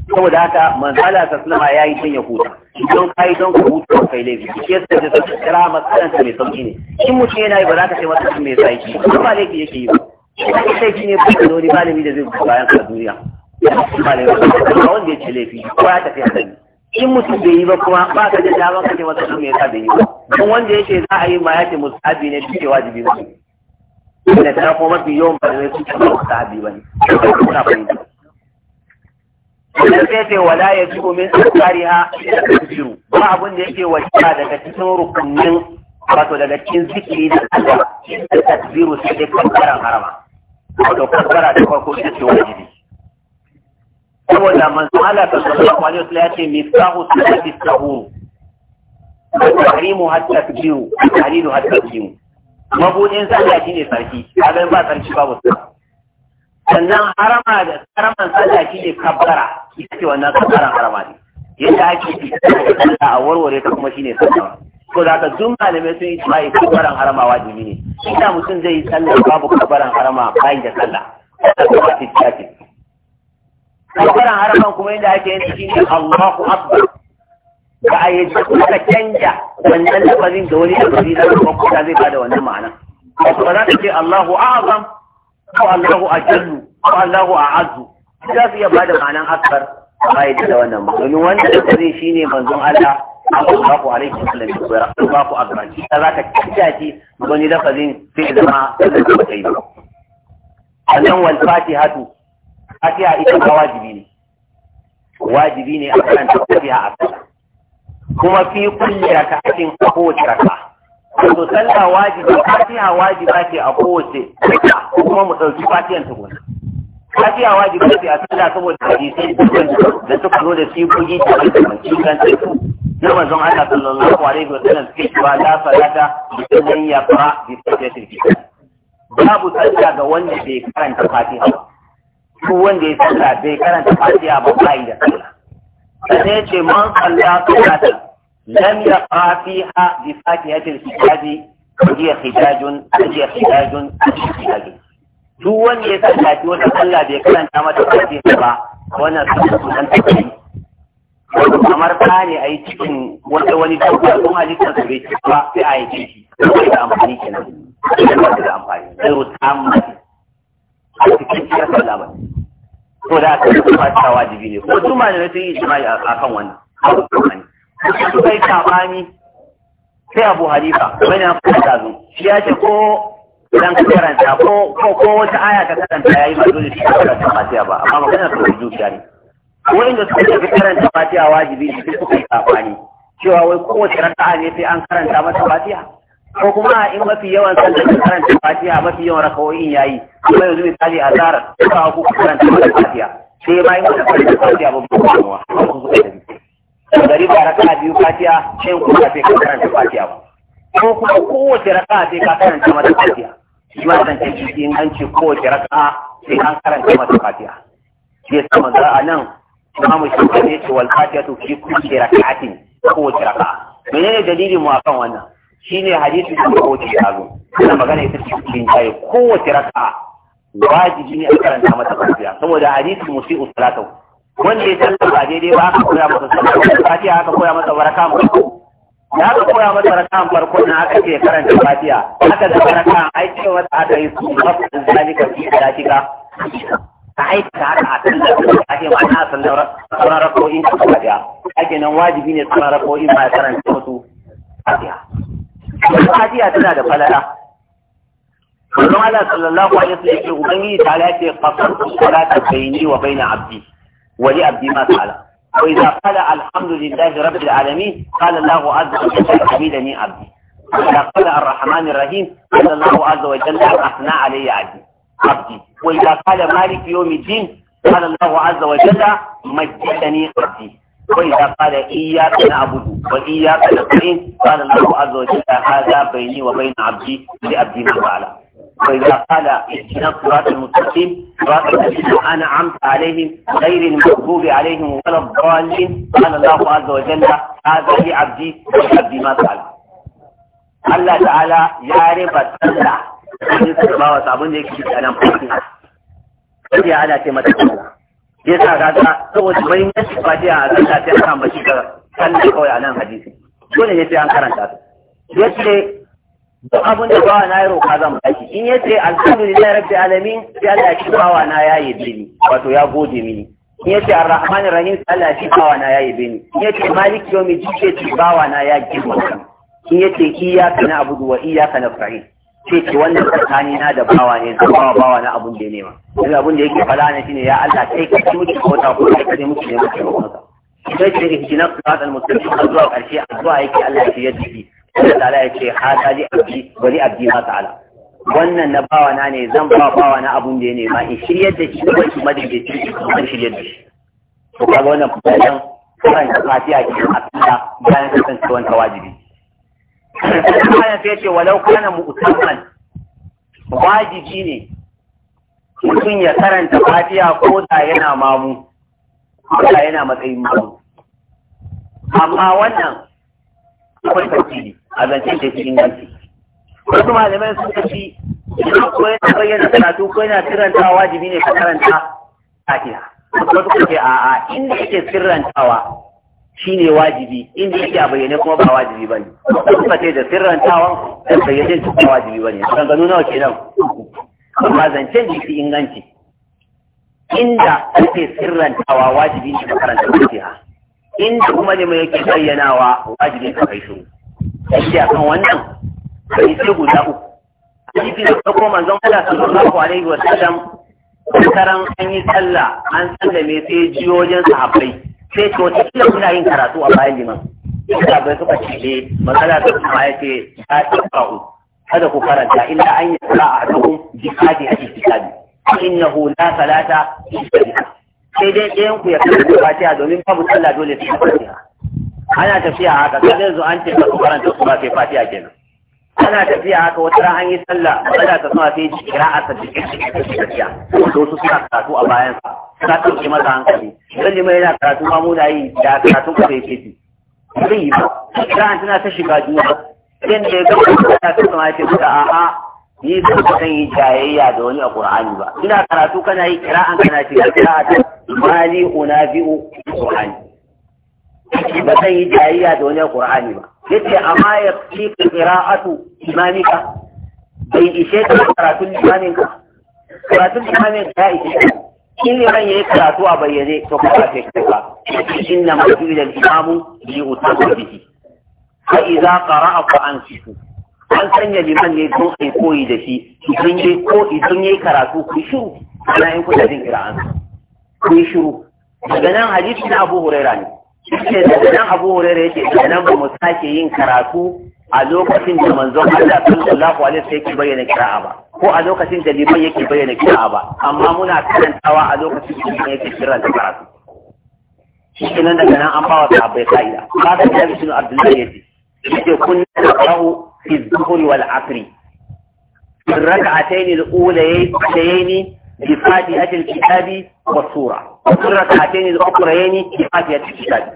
saboda haka manzala ta sallama ya yi don ya huta don ka yi don ka huta kai laifi shi yasa da su kira matsalan mai sauki ne in mutum yana yi ba za ka ce masa mai sauki ba ba laifi yake yi ba shi laifi ne ba da wani malami da zai buga bayan ka duniya ba laifi ba wanda ya ce laifi ko ya tafi hakan in mutum bai yi ba kuma ba ka da dama ka ce masa mai mai bai yi ba don wanda yake za a yi ma ya ce musabi ne duk wajibi ba ne da ta kuma mafi yawan ba da zai suke musabi ba ne. Kuna fahimta. da zai ce wala ya ji min tsariha jiru ba abin da yake wajja daga cikin rukunin wato daga cikin zikiri da Allah da tasbiru sai dai kankaran harama wato kankara da farko ita ce wajibi saboda manzo Allah sallallahu alaihi su ya ce misahu salati sahur tahrimu hatta tasbiru tahrimu hatta tasbiru mabudin sallah shine sarki kaga ba sarki babu sannan harama da haraman sallah shine kabbara ita ce wannan kafaran harama ne yadda ake fi da a warware ta kuma shine sallama ko da ka duk malamai sun yi jima'i kabaran harama wajibi ne ina mutum zai yi sallah babu kabaran harama bayan da sallah ta kuma ta tafi kabaran harama kuma inda ake yin shi ne Allahu akbar ba a yi ka canja wannan lafazin da wani lafazi da kuma kuka zai bada wannan ma'ana ba za ka ce Allahu a'zam ko Allahu ajallu ko Allahu a'azzu za su iya ba da ma'anan akbar ba ya da wannan ba domin wanda da zai shi ne manzon Allah Allah ku alaihi wasallam ya koyar Allah ku ba ku akbar shi za ka kiyaye wani lafazin sai zama da ba kai ba sannan wal fatihatu fatiha ita ba wajibi ne wajibi ne a kan fatiha a kan kuma fi kulli raka'atin a kowace raka'a to sallah wajibi fatiha wajiba ce a kowace raka'a kuma mu dauki fatihan tukunna kafiya wajibi a sallah saboda hadisai da suka zo da sifofi da alkamanci kan su na manzon Allah sallallahu alaihi wa sallam suke cewa la salata liman yaqra bi fatihatil kitab babu sallah ga wanda bai karanta fatiha ba ko wanda ya sallah bai karanta fatiha ba bai da sallah sai ya ce man salla salata lam yaqra fiha bi fatihatil kitab hiya khidajun hiya khidajun hiya khidajun duk wanda ya shafi wata Allah bai karanta mata fatiha ba wannan sallah sunan tafi kamar ta ne a yi cikin wanda wani dabba kuma halittar su bai ci ba sai a yi ciki sai da amfani kenan sai da amfani sai rutan mace a cikin ciyar sallah ba ko da aka yi kuma ta wajibi ne ko tuma da sun yi jima'i a kan wannan su kai kamani sai abu halifa wani fi ta zo shi ya ce ko idan ka karanta ko ko wata aya ka karanta yayi ba dole shi ka karanta fatiha ba amma magana ta zuciya ne ko inda suka ka karanta fatiha wajibi ne sai kuka yi sabani cewa wai kowace raka'a ne sai an karanta masa fatiha ko kuma in mafi yawan sallar ka karanta fatiha mafi yawan rakawoyin yayi kuma yanzu misali a zarar ka ku karanta mata fatiha sai bayan ka karanta fatiha ba ba kuma gari ba raka'a biyu fatiha sai ku ka karanta fatiha ba ko kuma kowace raka'a sai ka karanta masa fatiha shi ma zan ce shi an ce kowace raka'a sai an karanta masa fatiha shi ya sama za a nan mu shi ya ce wal fatiha to kuma kulli raka'atin kowace raka'a menene dalilin mu akan wannan shine hadisi da kowace yazo ana magana ita ce cikin jaye kowace raka'a wajibi ne a karanta masa fatiha saboda hadisi musi'u salatu wanda ya sallah ba daidai ba aka koya masa sallah fatiha aka koya masa baraka mu Ya aka koya masa rakan farko na aka ce karanta fatiha aka zama rakan ai ce wata aka yi su masu zalika fi da shiga ta aikata haka a kan da ake ma na san sauran in ka fatiha ake nan wajibi ne sauran in ba karanta karanta wasu fatiha fatiha tana da falala Allah Allah sallallahu alaihi wasallam yake ubangiji ta ya ce fasarku salata baini wa baina abdi wa li abdi ma sala وإذا قال الحمد لله رب العالمين قال الله عز وجل حميدني عبدي وإذا قال الرحمن الرحيم قال الله عز وجل أثنى علي عبدي عبدي وإذا قال مالك يوم الدين قال الله عز وجل مجدني عبدي وإذا قال إياك نعبد وإياك نستعين قال الله عز وجل هذا بيني وبين عبدي لأبدي ما فعله وإذا قال اهدنا الصراط المستقيم صراط الذين أنعمت عليهم غير المغضوب عليهم ولا الضالين قال الله عز وجل هذا لعبدي ولعبدي ما فعل الله تعالى يا رب الله sai su ba wa sabon da yake shi a nan fatiha sai ya ana ce mata sallah ya sa kaga saboda bayan ya ci fatiha a sallah sai aka ambaci ka sallah kawai a nan hadisi dole ne sai an karanta su yace Don abin da bawa na ya roƙa zan baki in ya ce alhamdulillah rabbi alamin sai Allah shi bawa na ya yi bini wato ya gode mini in ya ce arrahman rahim sai Allah shi bawa na ya yi bini in ya ce malik yomi ce ce bawa na ya girma in ya ce iyyaka na wa iyyaka nasta'in ce ce wannan tsakani na da bawa ne zan bawa bawa na abun da ya nema yanzu abun da yake fara ne shine ya Allah sai ka ci mutu ko ta ko ka ne mutu ne mutu ne ka sai ce ihdina siratal mustaqim zuwa karshe addu'a yake Allah ya yarda shi Allah ta'ala ya ce hada li abdi wa li abdi ma ta'ala wannan na bawa na ne zan ba bawa na abun da ya nema in shiryar da shi ko shi madaidaici zan shiryar da shi to ga wannan fatan karanta fatiha ke akida bayan kasancewar ta wajibi bayan sai ce walau kana mu'tamman wajibi ne mutum ya karanta fatiha ko da yana mamu ko da yana matsayin mamu amma wannan akwai tafsiri a zancen da cikin inganci wasu malamai sun tafi idan ko yana bayyana karatu ko yana sirrantawa wajibi ne ka karanta fatiha wasu kuma ce a a inda yake sirrantawa shine wajibi inda yake a bayyane kuma ba wajibi bane wasu kuma ce da sirrantawa da bayyane su ba wajibi bane kan gano nawa kenan amma zancen da fi inganci inda ake sirrantawa wajibi ne ka karanta fatiha inda kuma ne mai yake bayyanawa wajibi ka kai su sai kan wannan sai sai guda uku hadisi da farko manzon Allah sallallahu alaihi wa sallam karan an yi sallah an sallame sai jiyojin sahabbai sai to kila kuna yin karatu a bayan liman ina ba su kace ne eh, magana ta kuma ya ce ta tabba'u kada ku karanta illa an yi sa'a a dukkan jihadi a jihadi innahu la salata fi jihadi sai dai ɗayan ku ya karanta fatiha domin babu sallah dole sai fatiha ana tafiya haka sai yanzu an ce ka karanta kuma sai fatiha kenan ana tafiya haka wata ran an yi sallah sallah ta sama sai jira a sadiqin tafiya to su suna karatu a bayan sa suna ɗauki masa hankali idan limai yana karatu ma muna yi da karatun ka sai fiti zai yi ba ran tana ta shiga juna yanda ya ga ta sama ya ce a'a ni ba ka san yi jayayya da wani a Qur'ani ba ina karatu kana yi kira'an kana ce kira'at mali unabi'u Qur'ani ba san yi jayayya da wani a Qur'ani ba yace amma ya fi qira'atu imamika bai ishe ka karatun ka. karatun limamin ka ya ishe ka ne liman yayi karatu a bayyane to ka ce ka inna ma ju'ila al-imamu li utaqa bihi fa idza qara'a fa ansitu an sanya liman ne don a koyi da shi idan ya ko idan ya karatu ku shiru ana yin kuɗa jin kira'an ku shiru daga nan hadisi na abu huraira ne yace daga nan abu huraira yake daga nan ba mu sake yin karatu a lokacin da manzon Allah sallallahu alaihi wasallam yake bayyana kira'a ba ko a lokacin da liman yake bayyana kira'a ba amma muna karantawa a lokacin da liman yake da karatu shi nan daga nan an bawa sahabbai ka'ida ba ta da bishin abdullahi yake yace kun da fi dhuhri wal asri الركعتين الأوليين بفاتحة بفاتحة الكتاب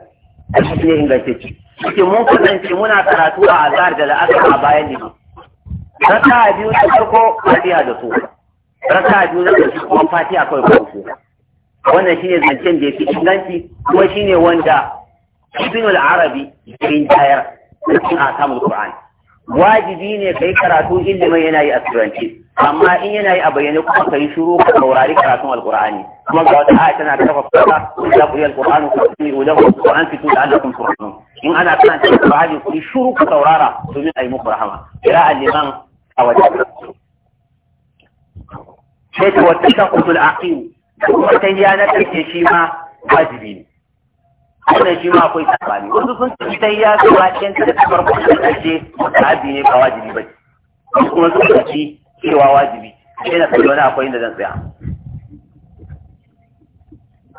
الحسن إنجلتي ke mun kasance muna karatu a azhar da la'asar a bayan ne raka biyu ta farko fatiha da sura raka biyu na ƙarshe kuma fatiha kawai ko sura wannan shine zancen da inganci kuma shine wanda ibn al-arabi bin jayar cikin akamul qur'ani wajibi ne ka yi karatu ilimin yana yi a turanci amma in yana yi a bayyane kuma ka yi shuru ka saurari karatun alkur'ani kuma ga wata aya tana kafa fara in za ku yi alkur'ani ku yi wajen ku an fito da Allah kun in ana kana cikin alkur'ani ku yi shuru ku saurara domin a yi muku rahama kira aliman a wajen sai ta wata ta kutul aqim kuma ta yana take shi ma wajibi ne wannan shi ma akwai tsammani wasu sun ce ta ya ga ba da ta farko da kace sahabi ne ba wajibi ba ce kuma sun ce cewa wajibi sai na tsaye wani akwai inda zan tsaya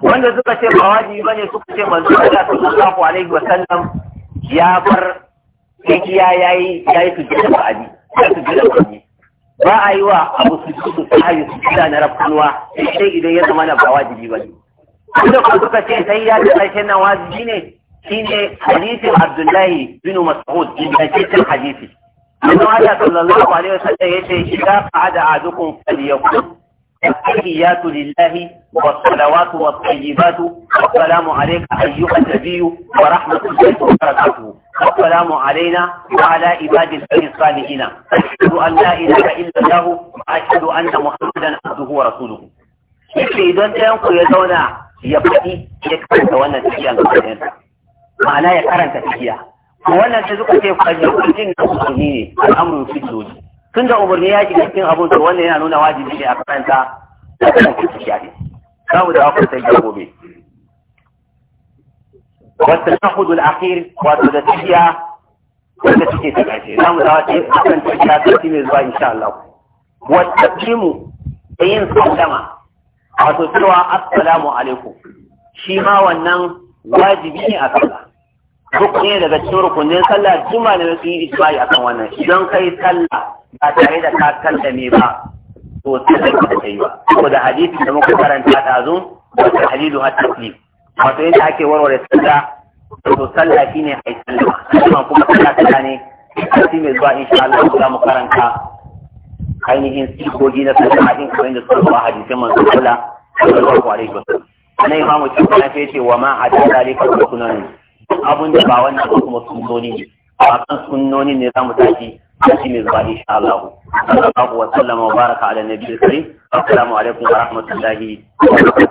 wanda suka ce ba wajibi ba ne suka ce manzo Allah sallallahu alaihi wa sallam ya bar ya yayi yayi ji ba abi ya ji ba abi ba a yi wa abu su sujjudu su da na rafuwa sai idan ya zama na ba wajibi ba ne wanda ku suka ce sai ya da ƙarshen na ne shine hadisi Abdullahi bin Mas'ud ingantaccen hadisi Annabi Allah sallallahu alaihi wasallam yace idza qa'ada ahadukum falyakun التحيات لله والصلوات والطيبات والسلام عليك أيها النبي ورحمة الله وبركاته والسلام علينا وعلى عباد الله الصالحين أشهد أن لا إله إلا الله وأشهد أن محمدا عبده ورسوله yake idan ɗayan ya zauna ya faɗi ya karanta wannan tafiya ga ta, ma'ana ya karanta tafiya a wannan sai suka ce ku ajiye kwanye jin na umarni ne al'amuru fitoji tun da umarni ya shiga cikin abun to wannan yana nuna wajibi ne a karanta ya karanta tafiya ne samu da gobe. Wasu jagobe wata tahudul akhir wato da tafiya wanda suke ta ƙarshe samu da wata yin akan tafiya ta mai zuwa insha Allah wata tafiya mu da yin sau wato cewa assalamu alaikum shi ma wannan wajibi ne a sallah rukuni ne daga cikin rukunin sallah juma ne sun yi ijma'i akan wannan idan kai sallah ba tare da ka kallame ba to sallah ka ta yi ba da hadisi da muka karanta ta zo wata halilu har taklif wato yadda ake warware sallah to sallah shine ai sallah kuma kuma sallah ta ne sai mai zuwa insha Allah za mu karanta ainihin sikogi na sallama din kamar da suka zuwa hadisin manzo Allah sallallahu alaihi wasallam nan imamu cikin ya ce wa ma hada zalika wa ne. abun da ba wannan ba kuma sunnoni ne a kan sunnoni ne zamu tashi tashi mai zuwa insha Allah sallallahu wa sallama wa baraka ala nabiyil karim assalamu alaikum wa rahmatullahi wa barakatuh